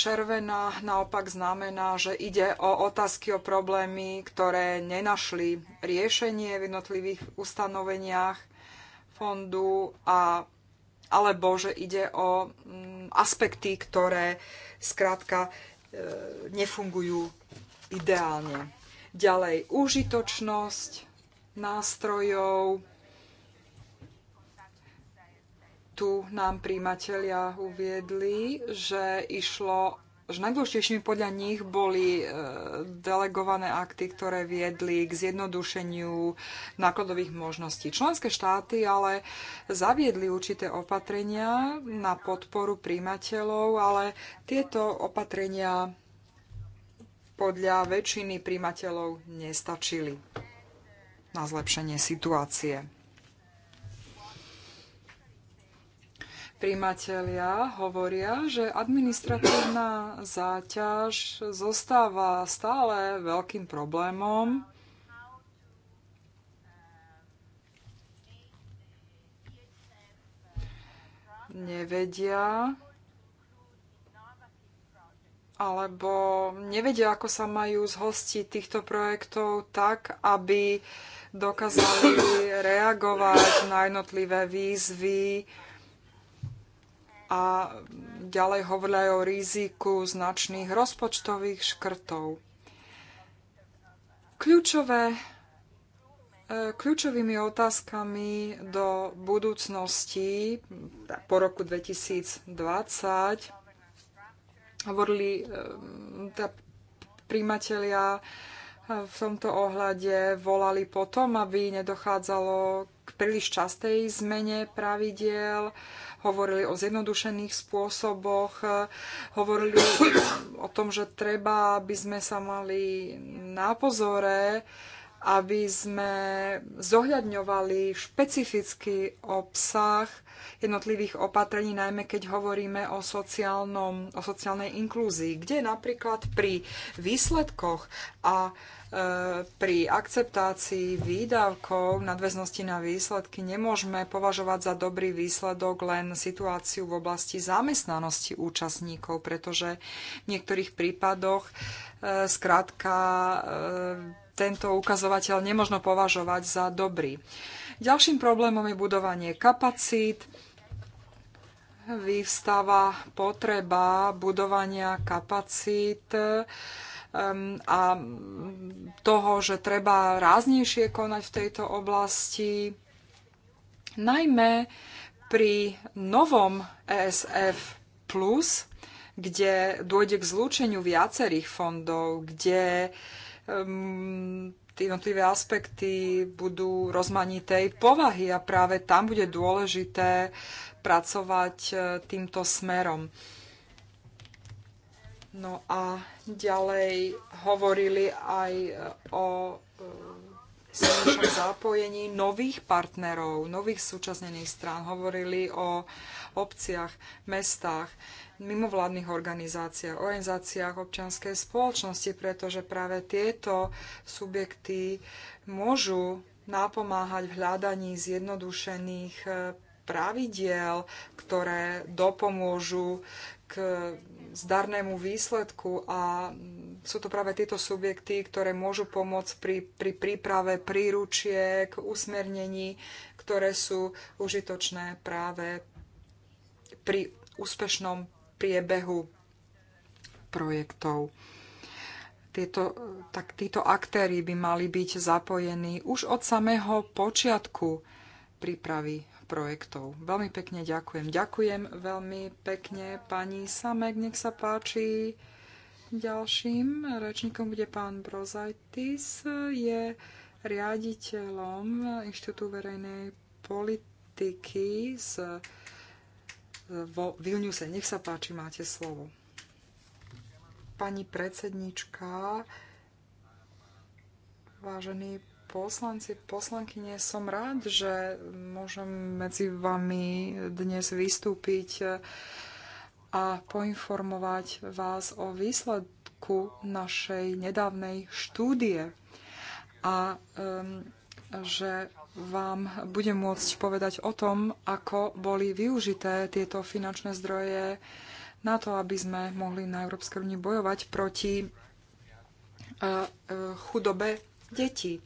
Červená naopak znamená, že ide o otázky, o problémy, ktoré nenašli riešenie v jednotlivých ustanoveniach fondu a alebo že ide o mm, aspekty, ktoré skrátka e, nefungujú ideálne. Ďalej, užitočnosť nástrojov, tu nám príjimatelia uviedli, že išlo že najdôležitejšími podľa nich boli e, delegované akty, ktoré viedli k zjednodušeniu nákladových možností. Členské štáty ale zaviedli určité opatrenia na podporu príjmateľov, ale tieto opatrenia podľa väčšiny príjmateľov nestačili na zlepšenie situácie. primatelia hovoria, že administratívna záťaž zostáva stále veľkým problémom. Nevedia, alebo nevedia, ako sa majú zhostiť týchto projektov tak, aby dokázali reagovať na jednotlivé výzvy, a ďalej hovorili aj o riziku značných rozpočtových škrtov. Kľúčové, e, kľúčovými otázkami do budúcnosti po roku 2020 hovorili e, príjmatelia e, v tomto ohľade volali potom, aby nedochádzalo k príliš častej zmene pravidiel, hovorili o zjednodušených spôsoboch, eh, hovorili o tom, že treba, aby sme sa mali na pozore, aby sme zohľadňovali špecifický obsah jednotlivých opatrení, najmä keď hovoríme o, sociálnom, o sociálnej inklúzii, kde napríklad pri výsledkoch a E, pri akceptácii výdavkov v nadväznosti na výsledky nemôžeme považovať za dobrý výsledok len situáciu v oblasti zamestnanosti účastníkov, pretože v niektorých prípadoch zkrátka e, e, tento ukazovateľ nemôžno považovať za dobrý. Ďalším problémom je budovanie kapacít. Vyvstáva potreba budovania kapacít a toho, že treba ráznejšie konať v tejto oblasti, najmä pri novom ESF+, kde dôjde k zlúčeniu viacerých fondov, kde um, jednotlivé aspekty budú rozmanitej povahy a práve tam bude dôležité pracovať e, týmto smerom. No a ďalej hovorili aj e, o e, zapojení nových partnerov, nových súčasnených strán. Hovorili o obciach, mestách, mimovládnych organizáciách, organizáciách občianskej spoločnosti, pretože práve tieto subjekty môžu napomáhať v hľadaní zjednodušených e, pravidiel, ktoré dopomôžu k zdarnému výsledku a sú to práve tieto subjekty, ktoré môžu pomôcť pri, pri príprave príručiek, usmernení, ktoré sú užitočné práve pri úspešnom priebehu projektov. Tieto, tak títo aktéry by mali byť zapojení už od samého počiatku prípravy projektov. Veľmi pekne ďakujem. Ďakujem veľmi pekne pani Samek, nech sa páči. Ďalším rečníkom bude pán Brozajtis, je riaditeľom Inštitútu verejnej politiky z, vo Vilniuse. Nech sa páči, máte slovo. Pani predsednička, vážení poslanci, poslankyne, som rád, že môžem medzi vami dnes vystúpiť eh, a poinformovať vás o výsledku našej nedávnej štúdie a um, že vám budem môcť povedať o tom, ako boli využité tieto finančné zdroje na to, aby sme mohli na Európskej únii bojovať proti eh, eh, chudobe detí.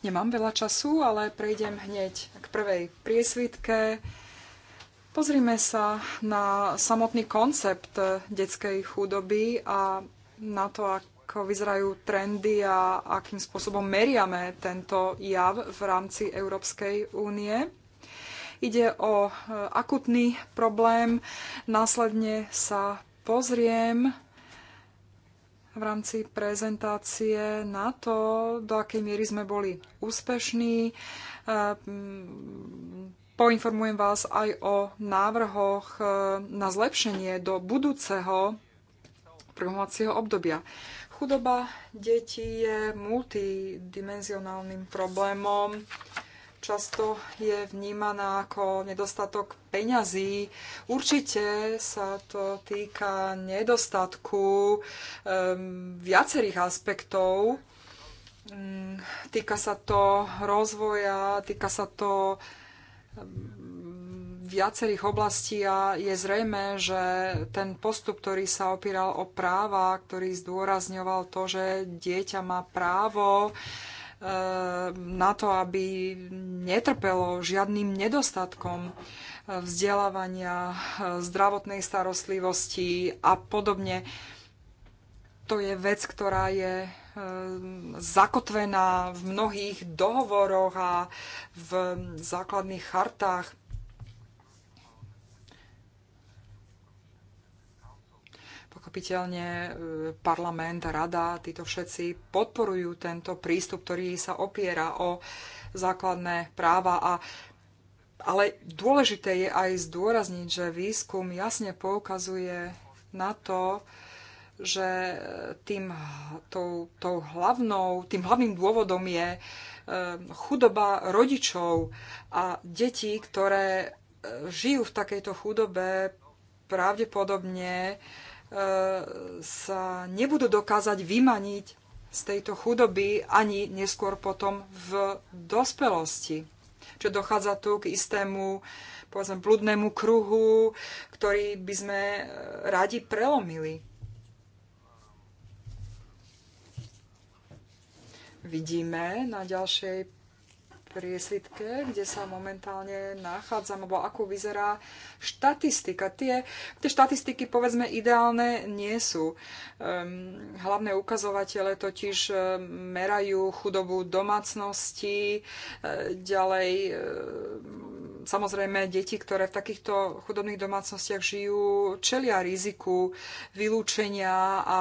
Nemám veľa času, ale prejdem hneď k prvej priesvitke. Pozrime sa na samotný koncept detskej chudoby a na to, ako vyzerajú trendy a akým spôsobom meriame tento jav v rámci Európskej únie. Ide o e, akutný problém, následne sa pozriem v rámci prezentácie na to, do akej miery sme boli úspešní. E, mm, poinformujem vás aj o návrhoch e, na zlepšenie do budúceho programovacieho obdobia. Chudoba detí je multidimenzionálnym problémom často je vnímaná ako nedostatok peňazí. Určite sa to týka nedostatku um, viacerých aspektov. Um, týka sa to rozvoja, týka sa to um, viacerých oblastí a je zrejme, že ten postup, ktorý sa opíral o práva, ktorý zdôrazňoval to, že dieťa má právo, uh, na to, aby netrpelo žiadnym nedostatkom vzdelávania, zdravotnej starostlivosti a podobne. To je vec, ktorá je e, zakotvená v mnohých dohovoroch a v základných chartách pochopiteľne e, parlament, rada, títo všetci podporujú tento prístup, ktorý sa opiera o základné práva a ale dôležité je aj zdôrazniť, že výskum jasne poukazuje na to, že tým, tou, tou hlavnou, tým hlavným dôvodom je e, chudoba rodičov a detí, ktoré e, žijú v takejto chudobe, pravdepodobne E, sa nebudú dokázať vymaniť z tejto chudoby ani neskôr potom v dospelosti. Čo dochádza tu k istému povedzme, bludnému kruhu, ktorý by sme e, radi prelomili. Vidíme na ďalšej priesvitke, kde sa momentálne nachádzam, alebo ako vyzerá štatistika. Tie, tie štatistiky, povedzme, ideálne nie sú. Um, hlavné ukazovatele totiž ehm, merajú chudobu domácnosti, eh, ďalej ehm, samozrejme deti, ktoré v takýchto chudobných domácnostiach žijú, čelia riziku vylúčenia a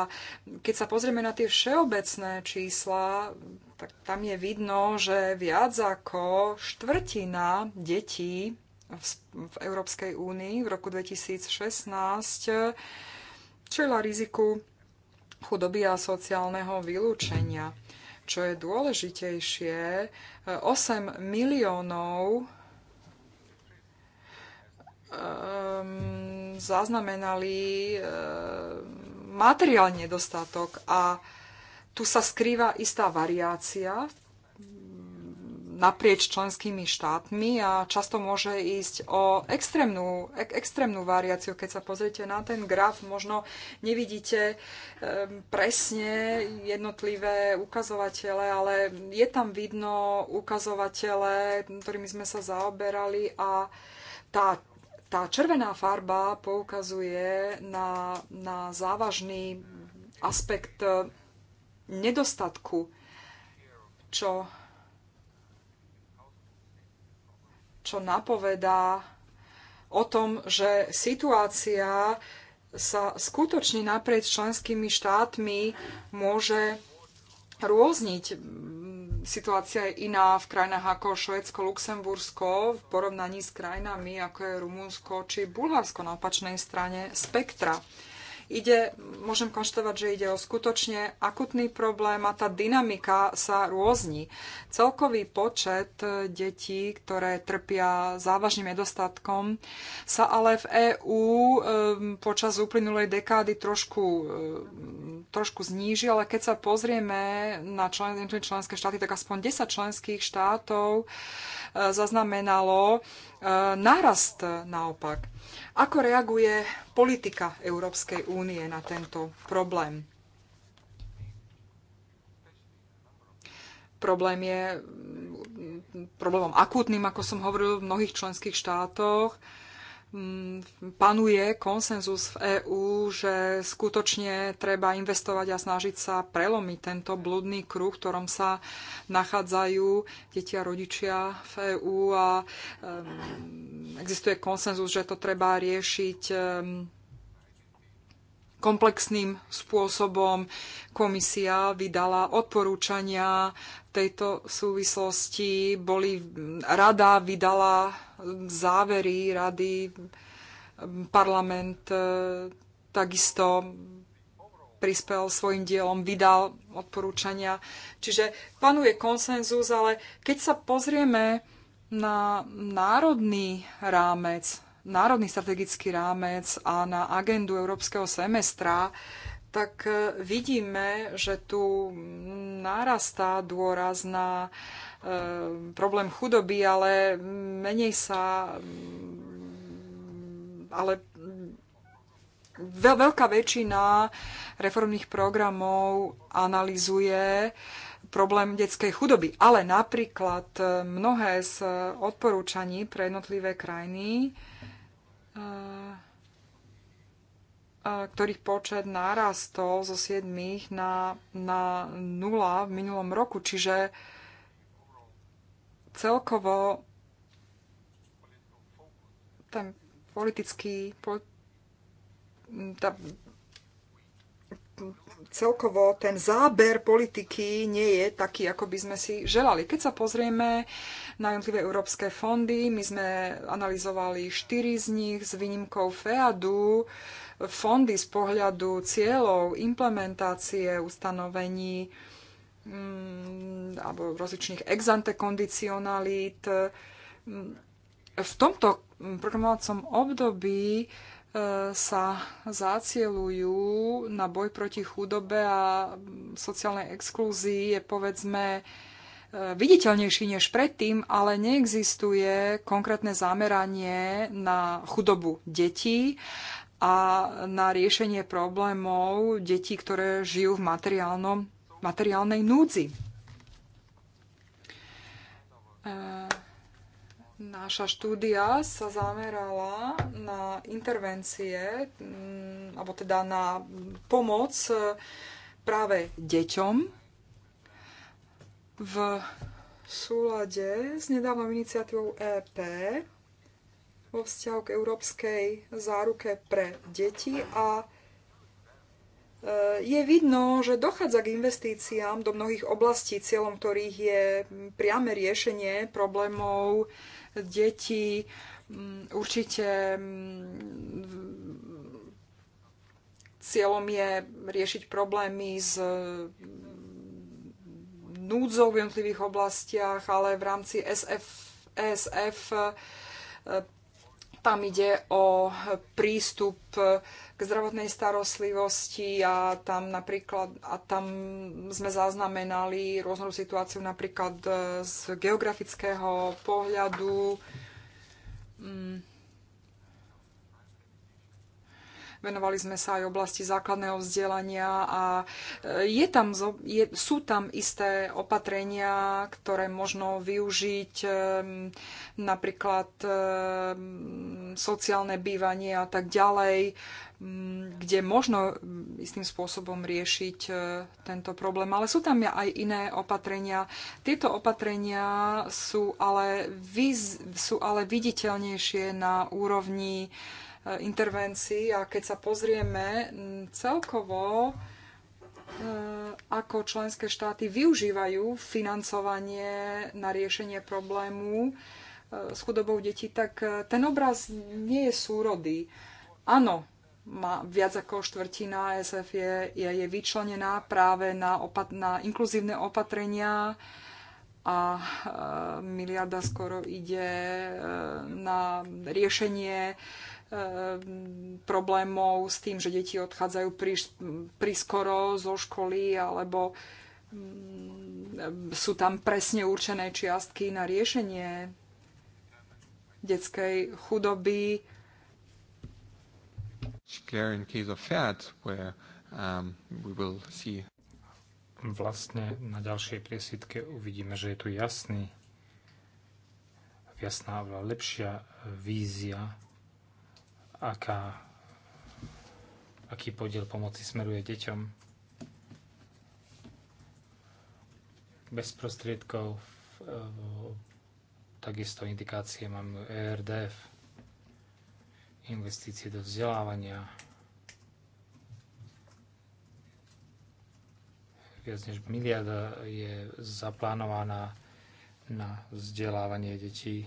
keď sa pozrieme na tie všeobecné čísla, tak tam je vidno, že viac ako štvrtina detí v, v Európskej únii v roku 2016 čela riziku chudoby a sociálneho vylúčenia. Čo je dôležitejšie, 8 miliónov um, zaznamenali um, materiálny nedostatok a tu sa skrýva istá variácia naprieč členskými štátmi a často môže ísť o extrémnu, ek, extrémnu variáciu. Keď sa pozriete na ten graf, možno nevidíte um, presne jednotlivé ukazovatele, ale je tam vidno ukazovatele, ktorými sme sa zaoberali a tá, tá červená farba poukazuje na, na závažný aspekt nedostatku, čo, čo napovedá o tom, že situácia sa skutočne naprieč členskými štátmi môže rôzniť. Situácia je iná v krajinách ako Švedsko, Luxembursko v porovnaní s krajinami ako je Rumunsko či Bulharsko na opačnej strane spektra ide, môžem konštatovať, že ide o skutočne akutný problém a tá dynamika sa rôzni. Celkový počet e, detí, ktoré trpia závažným nedostatkom, sa ale v EÚ e, počas uplynulej dekády trošku, e, trošku zníži, ale keď sa pozrieme na člen, členské štáty, tak aspoň 10 členských štátov zaznamenalo E, nárast naopak. Ako reaguje politika Európskej únie na tento problém? Problém je problémom akútnym, ako som hovoril, v mnohých členských štátoch. Mm, panuje konsenzus v EÚ, že skutočne treba investovať a snažiť sa prelomiť tento blúdny kruh, v ktorom sa nachádzajú deti a rodičia v EÚ a um, existuje konsenzus, že to treba riešiť um, komplexným spôsobom. Komisia vydala odporúčania v tejto súvislosti, boli, rada vydala závery rady, parlament e, takisto prispel svojim dielom, vydal odporúčania. Čiže panuje konsenzus, ale keď sa pozrieme na národný rámec, národný strategický rámec a na agendu európskeho semestra, tak e, vidíme, že tu narastá dôraz na e, problém chudoby, ale menej sa mm, ale veľká väčšina reformných programov analizuje problém detskej chudoby. Ale napríklad e, mnohé z odporúčaní pre jednotlivé krajiny ktorých počet narastol zo 7 na, na 0 v minulom roku. Čiže celkovo ten politický, tá celkovo ten záber politiky nie je taký, ako by sme si želali. Keď sa pozrieme na jednotlivé európske fondy, my sme analyzovali štyri z nich s výnimkou FEADu, fondy z pohľadu cieľov, implementácie ustanovení mm, alebo rozličných exante kondicionalít. Mm, v tomto programovacom období E, sa zacielujú na boj proti chudobe a sociálnej exklúzii je povedzme e, viditeľnejší než predtým, ale neexistuje konkrétne zameranie na chudobu detí a na riešenie problémov detí, ktoré žijú v materiálnom, materiálnej núdzi. E Naša štúdia sa zamerala na intervencie, mm, alebo teda na pomoc e, práve deťom v súlade s nedávnou iniciatívou EP vo vzťahu k Európskej záruke pre deti a e, je vidno, že dochádza k investíciám do mnohých oblastí, cieľom ktorých je priame riešenie problémov deti mm, Určite mm, cieľom je riešiť problémy s mm, núdzou v jednotlivých oblastiach, ale v rámci SF, e SF e, tam ide o prístup k zdravotnej starostlivosti a tam napríklad a tam sme zaznamenali rôznu situáciu napríklad z geografického pohľadu. Mm Venovali sme sa aj oblasti základného vzdelania a e, je tam, je, sú tam isté opatrenia, ktoré možno využiť, e, napríklad e, sociálne bývanie a tak ďalej kde možno istým spôsobom riešiť tento problém. Ale sú tam aj iné opatrenia. Tieto opatrenia sú ale, sú ale viditeľnejšie na úrovni intervencií a keď sa pozrieme celkovo, e, ako členské štáty využívajú financovanie na riešenie problému e, s chudobou detí, tak e, ten obraz nie je súrodý. Áno, má viac ako štvrtina SF je, je, je vyčlenená práve na, opat- na inkluzívne opatrenia a e, miliarda skoro ide e, na riešenie e, Ehm, problémov s tým, že deti odchádzajú priskoro zo školy alebo mm, sú tam presne určené čiastky na riešenie detskej chudoby. Um, vlastne na ďalšej priesvitke uvidíme, že je tu jasný, jasná, lepšia vízia aká, aký podiel pomoci smeruje deťom bez prostriedkov, eh, takisto indikácie máme ERDF, investície do vzdelávania, viac než miliarda je zaplánovaná na vzdelávanie detí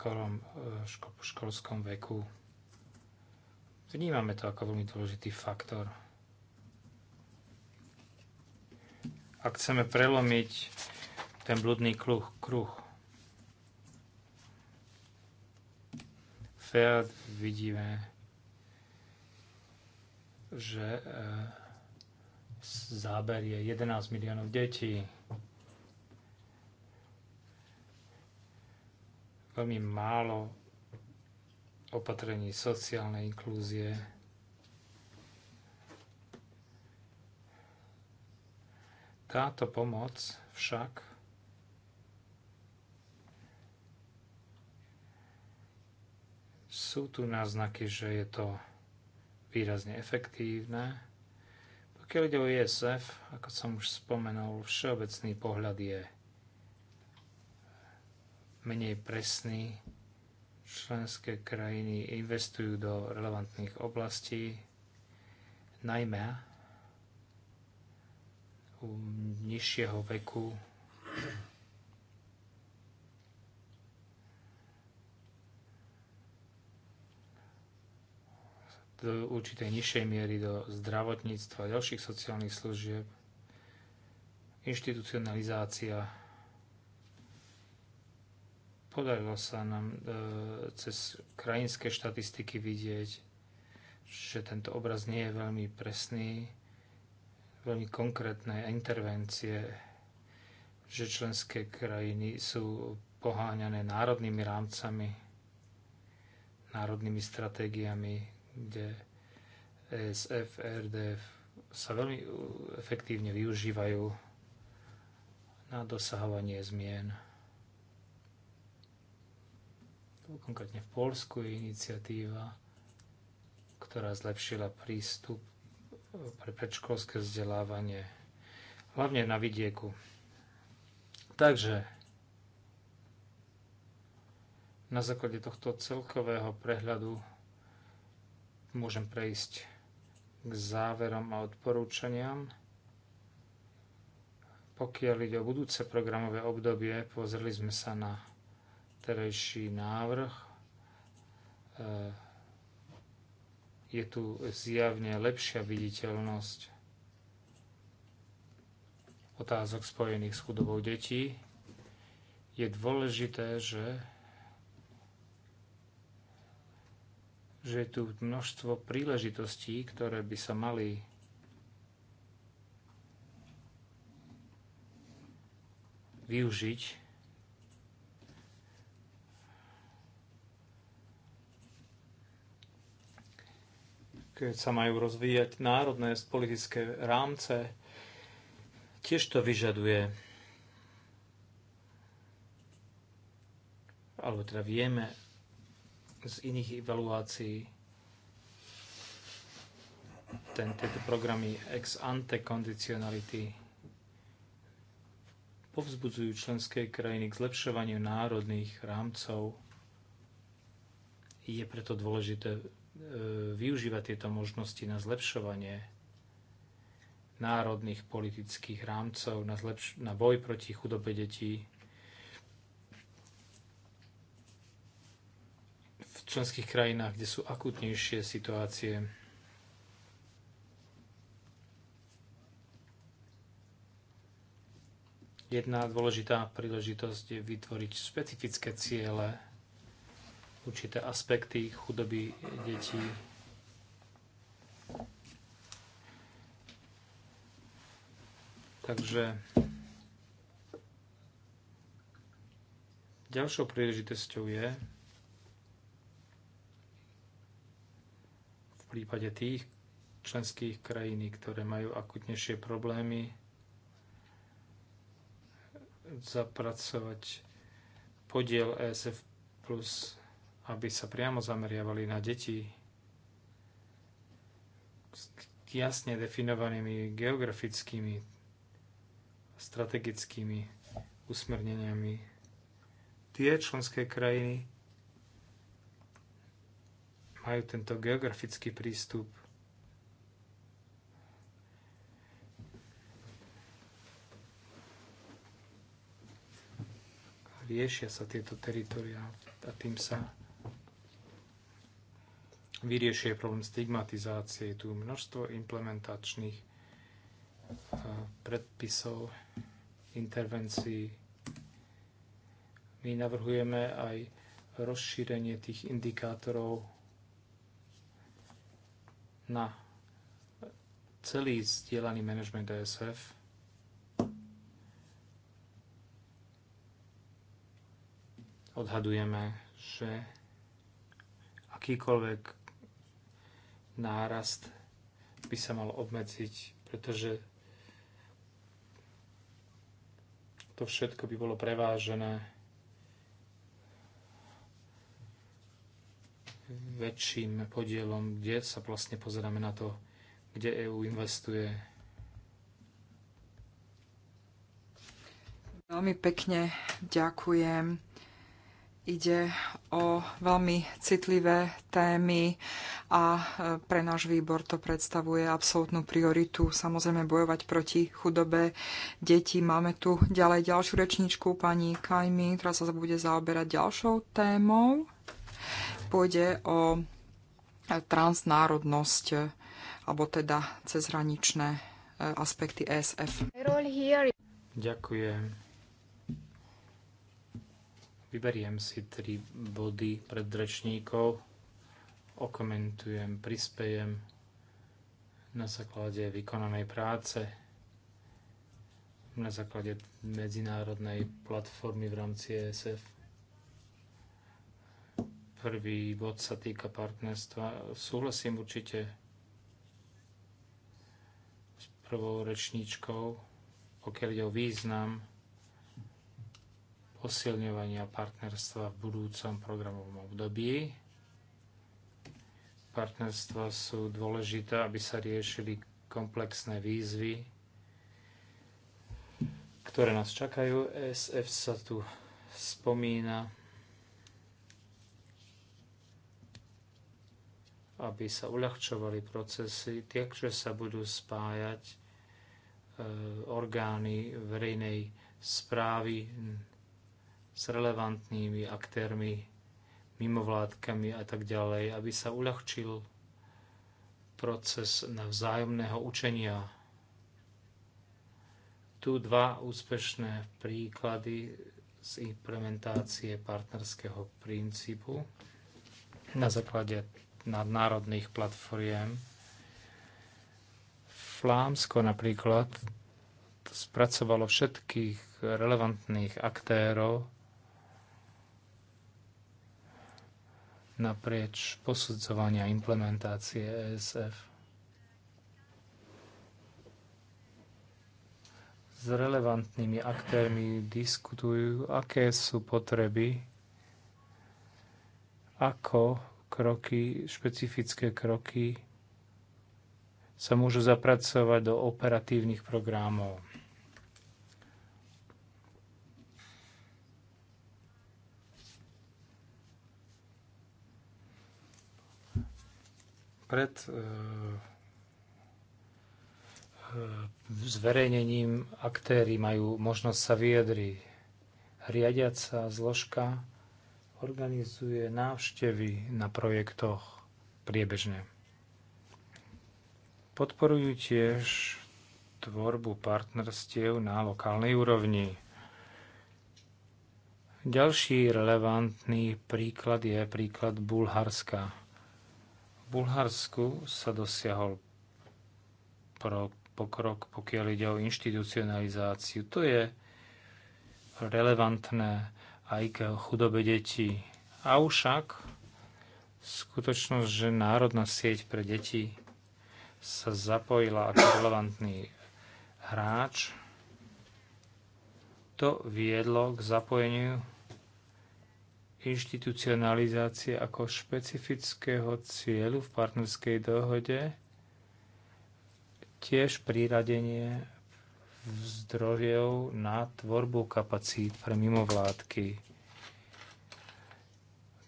skorom e, školskom veku. Vnímame to ako veľmi dôležitý faktor. Ak chceme prelomiť ten blúdny kruh, kruh Fiat vidíme, že e, záber je 11 miliónov detí. veľmi málo opatrení sociálnej inklúzie. Táto pomoc však sú tu náznaky, že je to výrazne efektívne. Pokiaľ ide o ISF, ako som už spomenul, všeobecný pohľad je menej presný. Členské krajiny investujú do relevantných oblastí, najmä u nižšieho veku do určitej nižšej miery do zdravotníctva a ďalších sociálnych služieb, inštitucionalizácia Podarilo sa nám e, cez krajinské štatistiky vidieť, že tento obraz nie je veľmi presný, veľmi konkrétne intervencie, že členské krajiny sú poháňané národnými rámcami, národnými stratégiami, kde ESF, e RDF sa veľmi e, efektívne využívajú na dosahovanie zmien konkrétne v Polsku je iniciatíva, ktorá zlepšila prístup e, pre predškolské vzdelávanie, hlavne na vidieku. Takže na základe tohto celkového prehľadu môžem prejsť k záverom a odporúčaniam. Pokiaľ ide o budúce programové obdobie, pozreli sme sa na terajší návrh. E, je tu zjavne lepšia viditeľnosť otázok spojených s chudobou detí. Je dôležité, že že je tu množstvo príležitostí, ktoré by sa mali využiť keď sa majú rozvíjať národné politické rámce, tiež to vyžaduje. Alebo teda vieme z iných evaluácií ten, tieto programy ex ante conditionality povzbudzujú členské krajiny k zlepšovaniu národných rámcov. Je preto dôležité E, využívať tieto možnosti na zlepšovanie národných politických rámcov, na, zlepš- na boj proti chudobe detí. V členských krajinách, kde sú akutnejšie situácie, Jedna dôležitá príležitosť je vytvoriť špecifické ciele určité aspekty chudoby detí. Takže ďalšou príležitosťou je v prípade tých členských krajín, ktoré majú akutnejšie problémy, zapracovať podiel ESF plus aby sa priamo zameriavali na deti s jasne definovanými geografickými, strategickými usmerneniami. Tie členské krajiny majú tento geografický prístup riešia sa tieto teritoria a tým sa vyriešie problém stigmatizácie. Tu množstvo implementačných e, predpisov, intervencií. My navrhujeme aj rozšírenie tých indikátorov na celý zdieľaný management DSF. Odhadujeme, že akýkoľvek nárast by sa mal obmedziť, pretože to všetko by bolo prevážené väčším podielom, kde sa vlastne pozeráme na to, kde EÚ investuje. Veľmi pekne ďakujem ide o veľmi citlivé témy a e, pre náš výbor to predstavuje absolútnu prioritu. Samozrejme bojovať proti chudobe detí. Máme tu ďalej ďalšiu rečničku, pani Kajmi, ktorá sa bude zaoberať ďalšou témou. Pôjde o e, transnárodnosť, e, alebo teda cezhraničné aspekty ESF. Ďakujem. Vyberiem si tri body pred rečníkov, okomentujem, prispejem na základe vykonanej práce, na základe medzinárodnej platformy v rámci ESF. Prvý bod sa týka partnerstva. Súhlasím určite s prvou rečníčkou, pokiaľ ide o význam posilňovania partnerstva v budúcom programovom období. Partnerstva sú dôležité, aby sa riešili komplexné výzvy, ktoré nás čakajú. SF sa tu spomína, aby sa uľahčovali procesy, takže sa budú spájať e, orgány verejnej správy, s relevantnými aktérmi, mimovládkami a tak ďalej, aby sa uľahčil proces na vzájomného učenia. Tu dva úspešné príklady z implementácie partnerského princípu na základe nadnárodných platformiem. Flámsko napríklad spracovalo všetkých relevantných aktérov naprieč posudzovania implementácie ESF. S relevantnými aktérmi diskutujú, aké sú potreby, ako kroky, špecifické kroky sa môžu zapracovať do operatívnych programov. pred e, e, zverejnením aktéry majú možnosť sa vyjadriť. Riadiaca zložka organizuje návštevy na projektoch priebežne. Podporujú tiež tvorbu partnerstiev na lokálnej úrovni. Ďalší relevantný príklad je príklad Bulharska – Bulharsku sa dosiahol pro pokrok, pokiaľ ide o inštitucionalizáciu. To je relevantné aj k chudobe detí. Avšak skutočnosť, že národná sieť pre deti sa zapojila ako relevantný hráč, to viedlo k zapojeniu inštitucionalizácie ako špecifického cieľu v partnerskej dohode, tiež priradenie zdrojov na tvorbu kapacít pre mimovládky.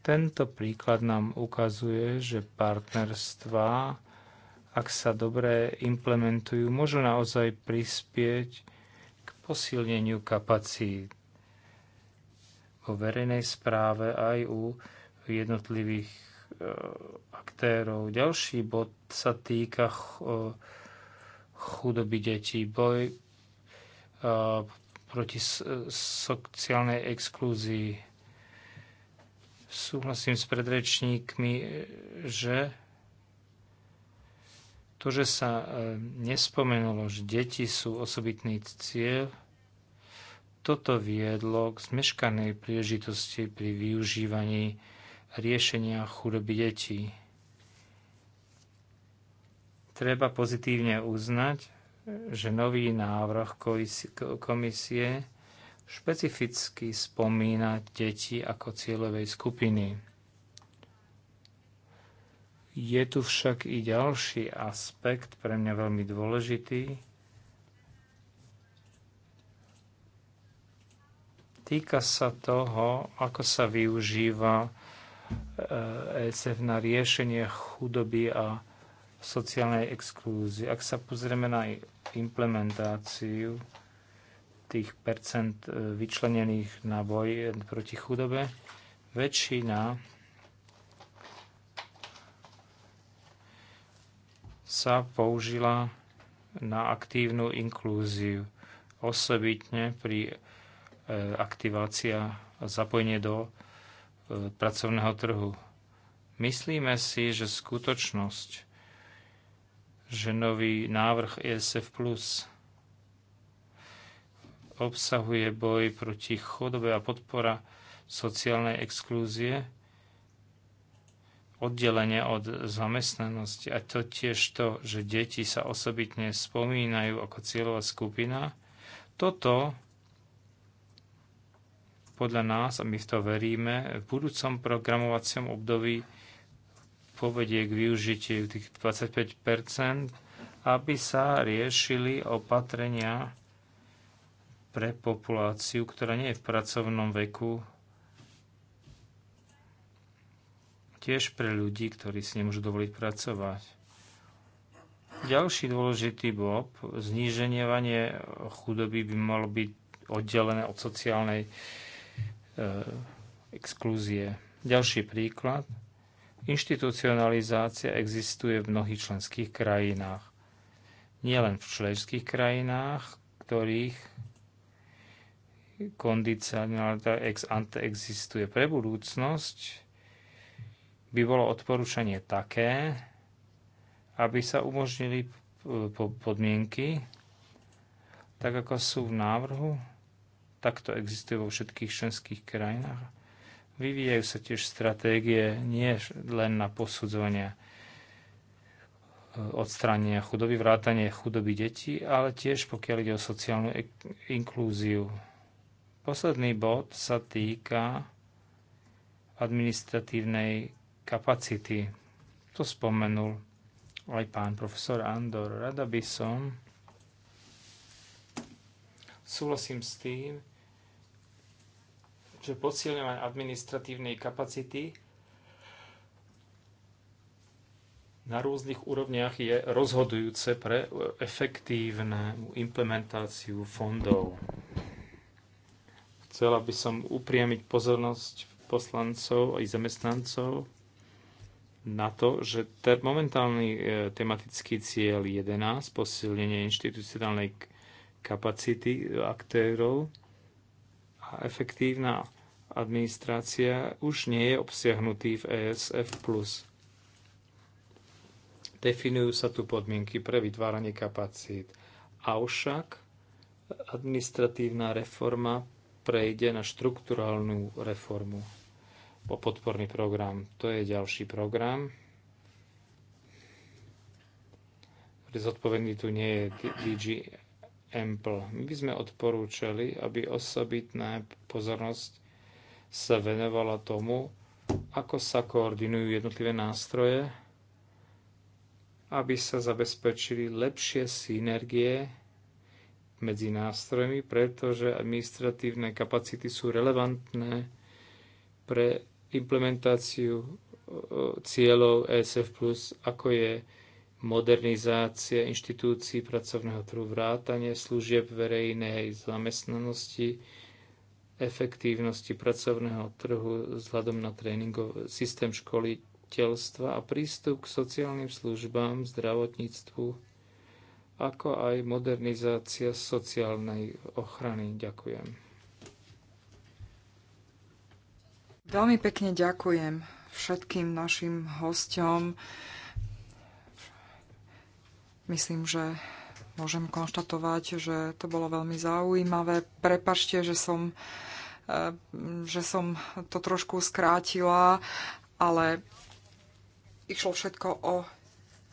Tento príklad nám ukazuje, že partnerstva, ak sa dobre implementujú, môžu naozaj prispieť k posilneniu kapacít o verejnej správe aj u jednotlivých e, aktérov. Ďalší bod sa týka e, chudoby detí, boj e, proti sociálnej exklúzii. Súhlasím s predrečníkmi, že to, že sa nespomenulo, že deti sú osobitný cieľ, toto viedlo k zmeškanej príležitosti pri využívaní riešenia chudoby detí. Treba pozitívne uznať, že nový návrh komisie špecificky spomína deti ako cieľovej skupiny. Je tu však i ďalší aspekt, pre mňa veľmi dôležitý, Týka sa toho, ako sa využíva ECF e na riešenie chudoby a sociálnej exklúzie. Ak sa pozrieme na implementáciu tých percent e, vyčlenených na boj proti chudobe, väčšina sa použila na aktívnu inklúziu, osobitne pri aktivácia a zapojenie do e, pracovného trhu. Myslíme si, že skutočnosť, že nový návrh ESF Plus obsahuje boj proti chodobe a podpora sociálnej exklúzie, oddelenie od zamestnanosti a to tiež to, že deti sa osobitne spomínajú ako cieľová skupina, toto podľa nás, a my v to veríme, v budúcom programovacom období povedie k využitiu tých 25 aby sa riešili opatrenia pre populáciu, ktorá nie je v pracovnom veku, tiež pre ľudí, ktorí si nemôžu dovoliť pracovať. Ďalší dôležitý bod, zníženie chudoby by malo byť oddelené od sociálnej E, exklúzie. Ďalší príklad. Inštitucionalizácia existuje v mnohých členských krajinách. Nielen v členských krajinách, ktorých kondicionalita ex ante existuje pre budúcnosť, by bolo odporúčanie také, aby sa umožnili e, podmienky, tak ako sú v návrhu, takto existuje vo všetkých členských krajinách. Vyvíjajú sa tiež stratégie nie len na posudzovanie e, odstránenia chudoby, vrátanie chudoby detí, ale tiež pokiaľ ide o sociálnu inklúziu. Posledný bod sa týka administratívnej kapacity. To spomenul aj pán profesor Andor. Rada by som súhlasím s tým, že posilňovanie administratívnej kapacity na rôznych úrovniach je rozhodujúce pre efektívnu implementáciu fondov. Chcela by som upriamiť pozornosť poslancov a zamestnancov na to, že te, momentálny e, tematický cieľ 11, posilnenie inštitucionálnej kapacity aktérov, a efektívna administrácia už nie je obsiahnutý v ESF+. Definujú sa tu podmienky pre vytváranie kapacít. Avšak administratívna reforma prejde na štrukturálnu reformu po podporný program. To je ďalší program. Zodpovedný tu nie je DG EMPL. My by sme odporúčali, aby osobitná pozornosť sa venovala tomu, ako sa koordinujú jednotlivé nástroje, aby sa zabezpečili lepšie synergie medzi nástrojmi, pretože administratívne kapacity sú relevantné pre implementáciu e, e, cieľov ESF+, ako je modernizácia inštitúcií pracovného trhu, vrátanie služieb verejnej zamestnanosti, efektívnosti pracovného trhu vzhľadom na tréningov, systém školiteľstva a prístup k sociálnym službám, zdravotníctvu, ako aj modernizácia sociálnej ochrany. Ďakujem. Veľmi pekne ďakujem všetkým našim hosťom. Myslím, že môžem konštatovať, že to bolo veľmi zaujímavé. Prepačte, že som, eh, že som to trošku skrátila, ale išlo všetko o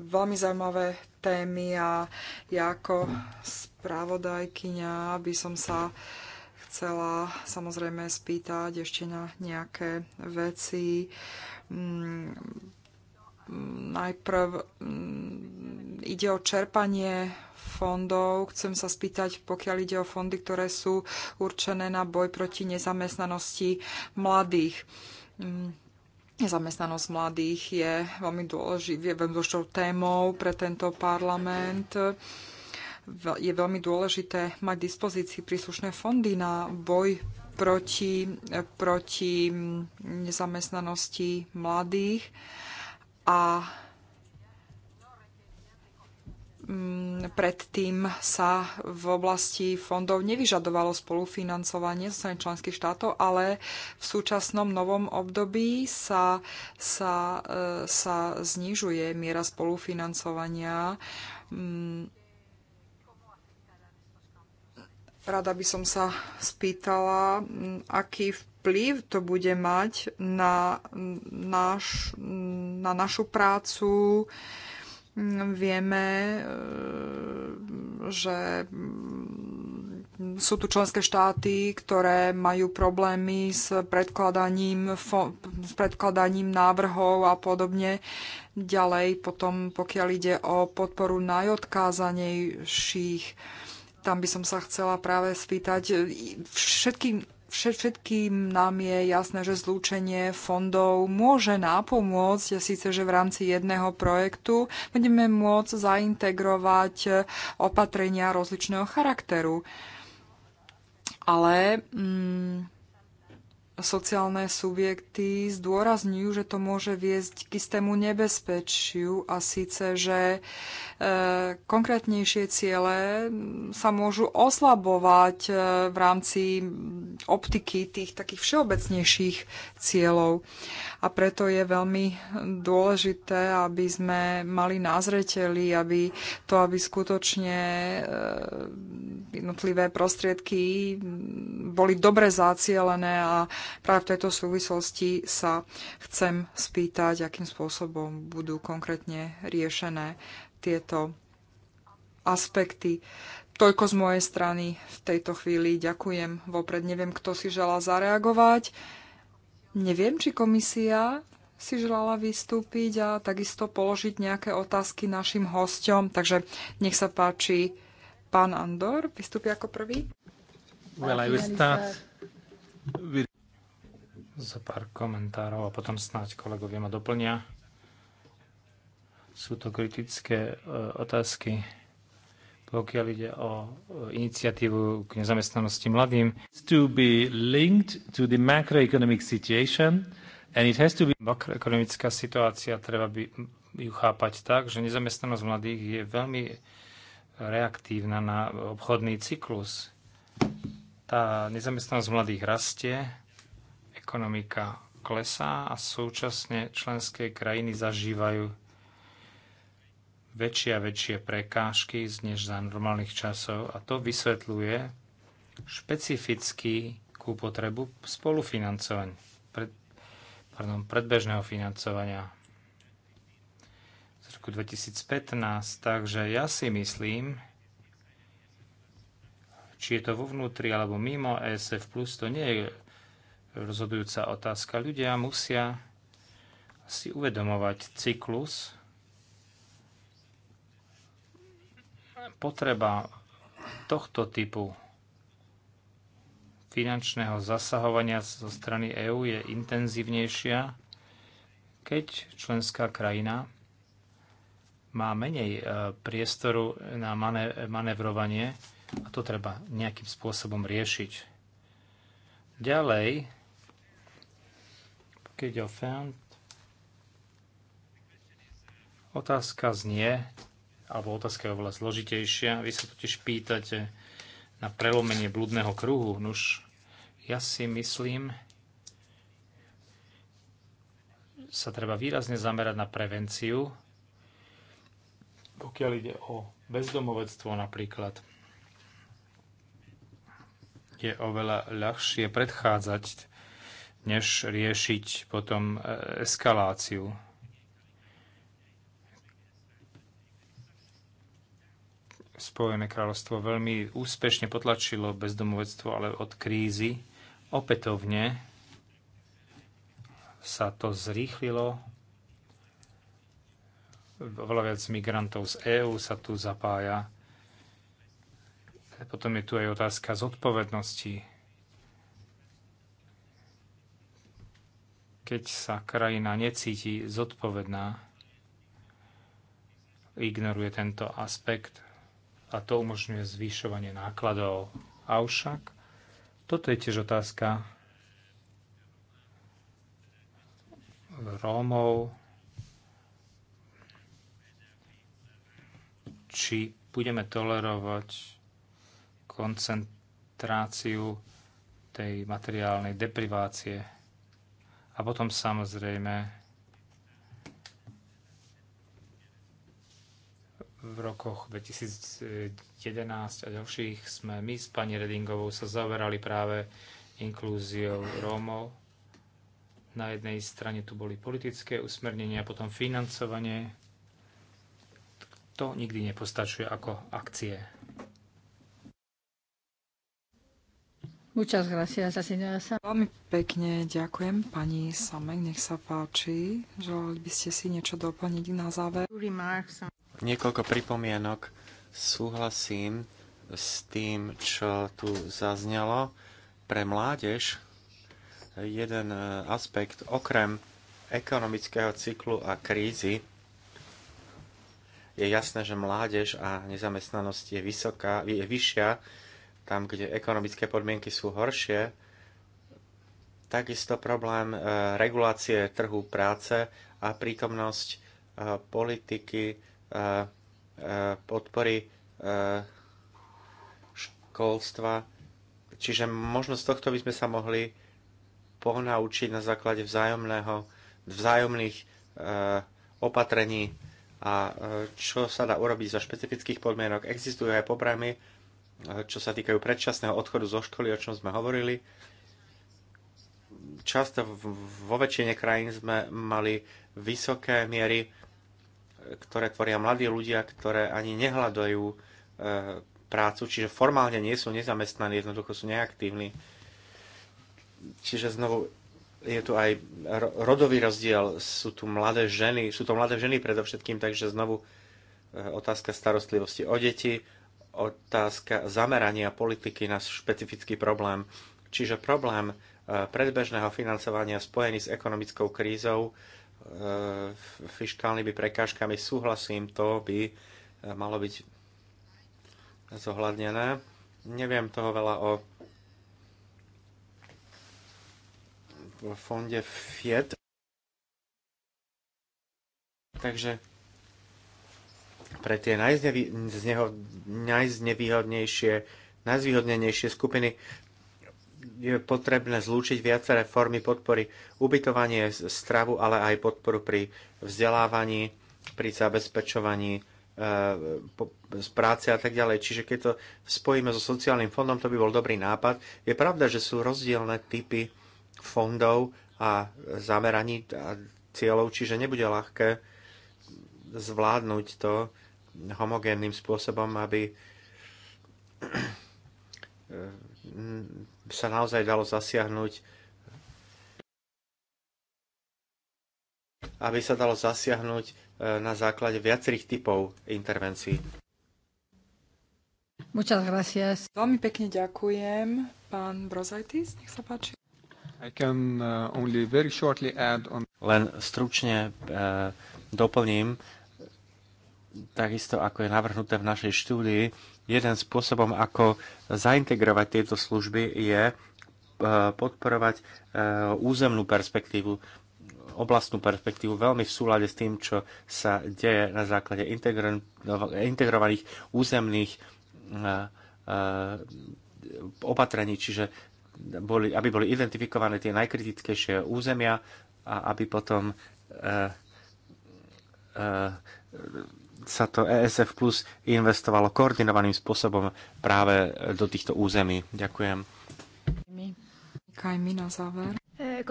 veľmi zaujímavé témy a ja ako správodajkyňa by som sa chcela samozrejme spýtať ešte na nejaké veci mm, Najprv mm, ide o čerpanie fondov. Chcem sa spýtať, pokiaľ ide o fondy, ktoré sú určené na boj proti nezamestnanosti mladých. Mm, nezamestnanosť mladých je veľmi dôležitou témou pre tento parlament je veľmi dôležité mať dispozícii príslušné fondy na boj proti, proti mm, nezamestnanosti mladých a mm, predtým sa v oblasti fondov nevyžadovalo spolufinancovanie zo strany členských štátov, ale v súčasnom novom období sa, sa, e, sa znižuje miera spolufinancovania. Mm, rada by som sa spýtala, mm, aký vplyv to bude mať na, naš, na našu prácu. Vieme, e, že sú tu členské štáty, ktoré majú problémy s predkladaním, s predkladaním návrhov a podobne. Ďalej potom, pokiaľ ide o podporu najodkázanejších, tam by som sa chcela práve spýtať všetkým všetkým nám je jasné, že zlúčenie fondov môže nápomôcť, síce že v rámci jedného projektu budeme môcť zaintegrovať opatrenia rozličného charakteru. Ale mm, sociálne subjekty zdôrazňujú, že to môže viesť k istému nebezpečiu a síce, že e, konkrétnejšie ciele sa môžu oslabovať e, v rámci optiky tých takých všeobecnejších cieľov a preto je veľmi dôležité, aby sme mali názreteli, aby to, aby skutočne eh, jednotlivé prostriedky boli dobre zacielené a práve v tejto súvislosti sa chcem spýtať, akým spôsobom budú konkrétne riešené tieto aspekty. Toľko z mojej strany v tejto chvíli. Ďakujem vopred. Neviem, kto si želá zareagovať. Neviem, či komisia si želala vystúpiť a takisto položiť nejaké otázky našim hosťom. Takže nech sa páči, pán Andor vystúpi ako prvý. Well, I will start with... za pár komentárov a potom snáď kolegovia ma doplnia. Sú to kritické e, otázky pokiaľ ide o iniciatívu k nezamestnanosti mladým. To be linked to the macroeconomic situation and it has to be... Makroekonomická situácia treba by ju chápať tak, že nezamestnanosť mladých je veľmi reaktívna na obchodný cyklus. Tá nezamestnanosť mladých rastie, ekonomika klesá a súčasne členské krajiny zažívajú väčšie a väčšie prekážky než za normálnych časov a to vysvetľuje špecifickú potrebu spolufinancovania, pred, pardon, predbežného financovania z roku 2015. Takže ja si myslím, či je to vo vnútri alebo mimo ESF+, to nie je rozhodujúca otázka. Ľudia musia si uvedomovať cyklus, potreba tohto typu finančného zasahovania zo strany EÚ je intenzívnejšia, keď členská krajina má menej e, priestoru na manevrovanie a to treba nejakým spôsobom riešiť. Ďalej, keď ofend, Otázka znie, alebo otázka je oveľa zložitejšia. Vy sa totiž pýtate na prelomenie blúdneho kruhu. Nuž, ja si myslím, sa treba výrazne zamerať na prevenciu, pokiaľ ide o bezdomovectvo napríklad. Je oveľa ľahšie predchádzať, než riešiť potom eh, eskaláciu Spojené kráľovstvo veľmi úspešne potlačilo bezdomovectvo, ale od krízy opätovne sa to zrýchlilo. Veľa viac migrantov z EÚ sa tu zapája. Potom je tu aj otázka zodpovednosti. Keď sa krajina necíti zodpovedná, ignoruje tento aspekt, a to umožňuje zvyšovanie nákladov. Avšak toto je tiež otázka Rómov, či budeme tolerovať koncentráciu tej materiálnej deprivácie. A potom samozrejme v rokoch 2011 a ďalších sme my s pani Redingovou sa zaoberali práve inklúziou Rómov. Na jednej strane tu boli politické usmernenia, potom financovanie. To nikdy nepostačuje ako akcie. Veľmi pekne ďakujem pani Samek, nech sa páči. Želali by ste si niečo doplniť na záver? Niekoľko pripomienok. Súhlasím s tým, čo tu zaznelo. Pre mládež jeden e, aspekt okrem ekonomického cyklu a krízy je jasné, že mládež a nezamestnanosť je, vysoká, je vyššia tam, kde ekonomické podmienky sú horšie. Takisto problém e, regulácie trhu práce a prítomnosť e, politiky E, e, podpory e, školstva. Čiže možno z tohto by sme sa mohli ponaučiť na základe vzájomného, vzájomných opatrení a čo sa dá urobiť za špecifických podmienok. Existujú aj programy, čo sa týkajú predčasného odchodu zo školy, o čom sme hovorili. Často vo väčšine krajín sme mali vysoké miery ktoré tvoria mladí ľudia, ktoré ani nehľadajú e, prácu, čiže formálne nie sú nezamestnaní, jednoducho sú neaktívni. Čiže znovu je tu aj rodový rozdiel, sú tu mladé ženy, sú to mladé ženy predovšetkým, takže znovu e, otázka starostlivosti o deti, otázka zamerania politiky na špecifický problém. Čiže problém e, predbežného financovania spojený s ekonomickou krízou E, fiškálnymi prekážkami súhlasím, to by e, malo byť zohľadnené. Neviem toho veľa o fonde FIET. Takže pre tie najznevý, najznevýhodnejšie, najzvýhodnenejšie skupiny je potrebné zlúčiť viaceré formy podpory, ubytovanie, stravu, ale aj podporu pri vzdelávaní, pri zabezpečovaní e, z práce a tak ďalej. Čiže keď to spojíme so sociálnym fondom, to by bol dobrý nápad. Je pravda, že sú rozdielne typy fondov a zameraní a cieľov, čiže nebude ľahké zvládnuť to homogénnym spôsobom, aby e, sa naozaj dalo zasiahnuť, aby sa dalo zasiahnuť e, na základe viacerých typov intervencií. Muchas gracias. Veľmi pekne ďakujem. Pán Brozaitis, nech sa páči. I can uh, only very shortly add on... Len stručne uh, doplním takisto ako je navrhnuté v našej štúdii, jeden spôsobom, ako zaintegrovať tieto služby, je e, podporovať e, územnú perspektívu, oblastnú perspektívu veľmi v súlade s tým, čo sa deje na základe integrovaných územných e, opatrení, čiže boli, aby boli identifikované tie najkritickejšie územia a aby potom sa to ESF Plus investovalo koordinovaným spôsobom práve do týchto území. Ďakujem. Kajmi na záver. Eh,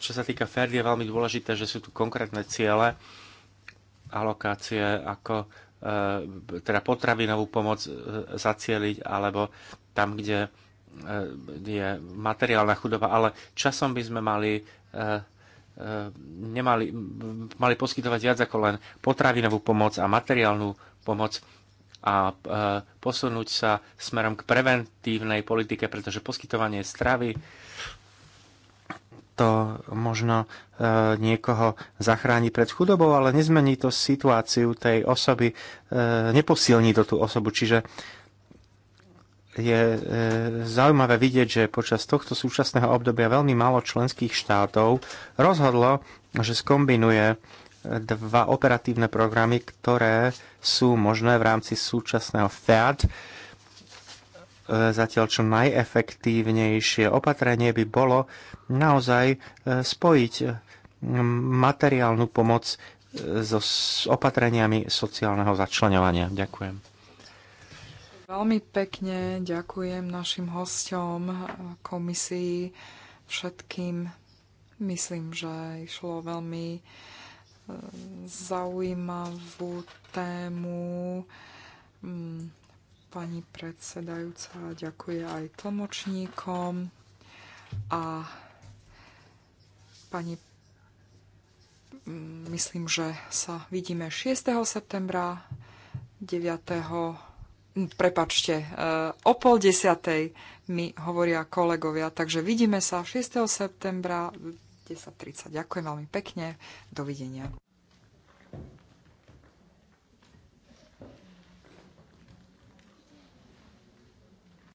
Čo sa týka FED, je veľmi dôležité, že sú tu konkrétne ciele, alokácie ako eh, teda potravinovú pomoc eh, zacieliť, alebo tam, kde je materiálna chudoba, ale časom by sme mali Eh, nemali, mali poskytovať viac ako len potravinovú pomoc a materiálnu pomoc a eh, posunúť sa smerom k preventívnej politike, pretože poskytovanie stravy to možno eh, niekoho zachráni pred chudobou, ale nezmení to situáciu tej osoby, neposilní to tú osobu. Čiže je e, zaujímavé vidieť, že počas tohto súčasného obdobia veľmi málo členských štátov rozhodlo, že skombinuje e, dva operatívne programy, ktoré sú možné v rámci súčasného FEAD. Zatiaľ čo najefektívnejšie opatrenie by bolo naozaj e, spojiť materiálnu pomoc so opatreniami sociálneho začlenovania. Ďakujem. Veľmi pekne ďakujem našim hosťom, eh, komisii, všetkým. Myslím, že išlo veľmi eh, zaujímavú tému. Mm, pani predsedajúca ďakuje aj tlmočníkom a pani mm, myslím, že sa vidíme 6. septembra, 9 prepačte, e, o pol desiatej mi hovoria kolegovia, takže vidíme sa 6. septembra 10.30. Ďakujem veľmi pekne, dovidenia.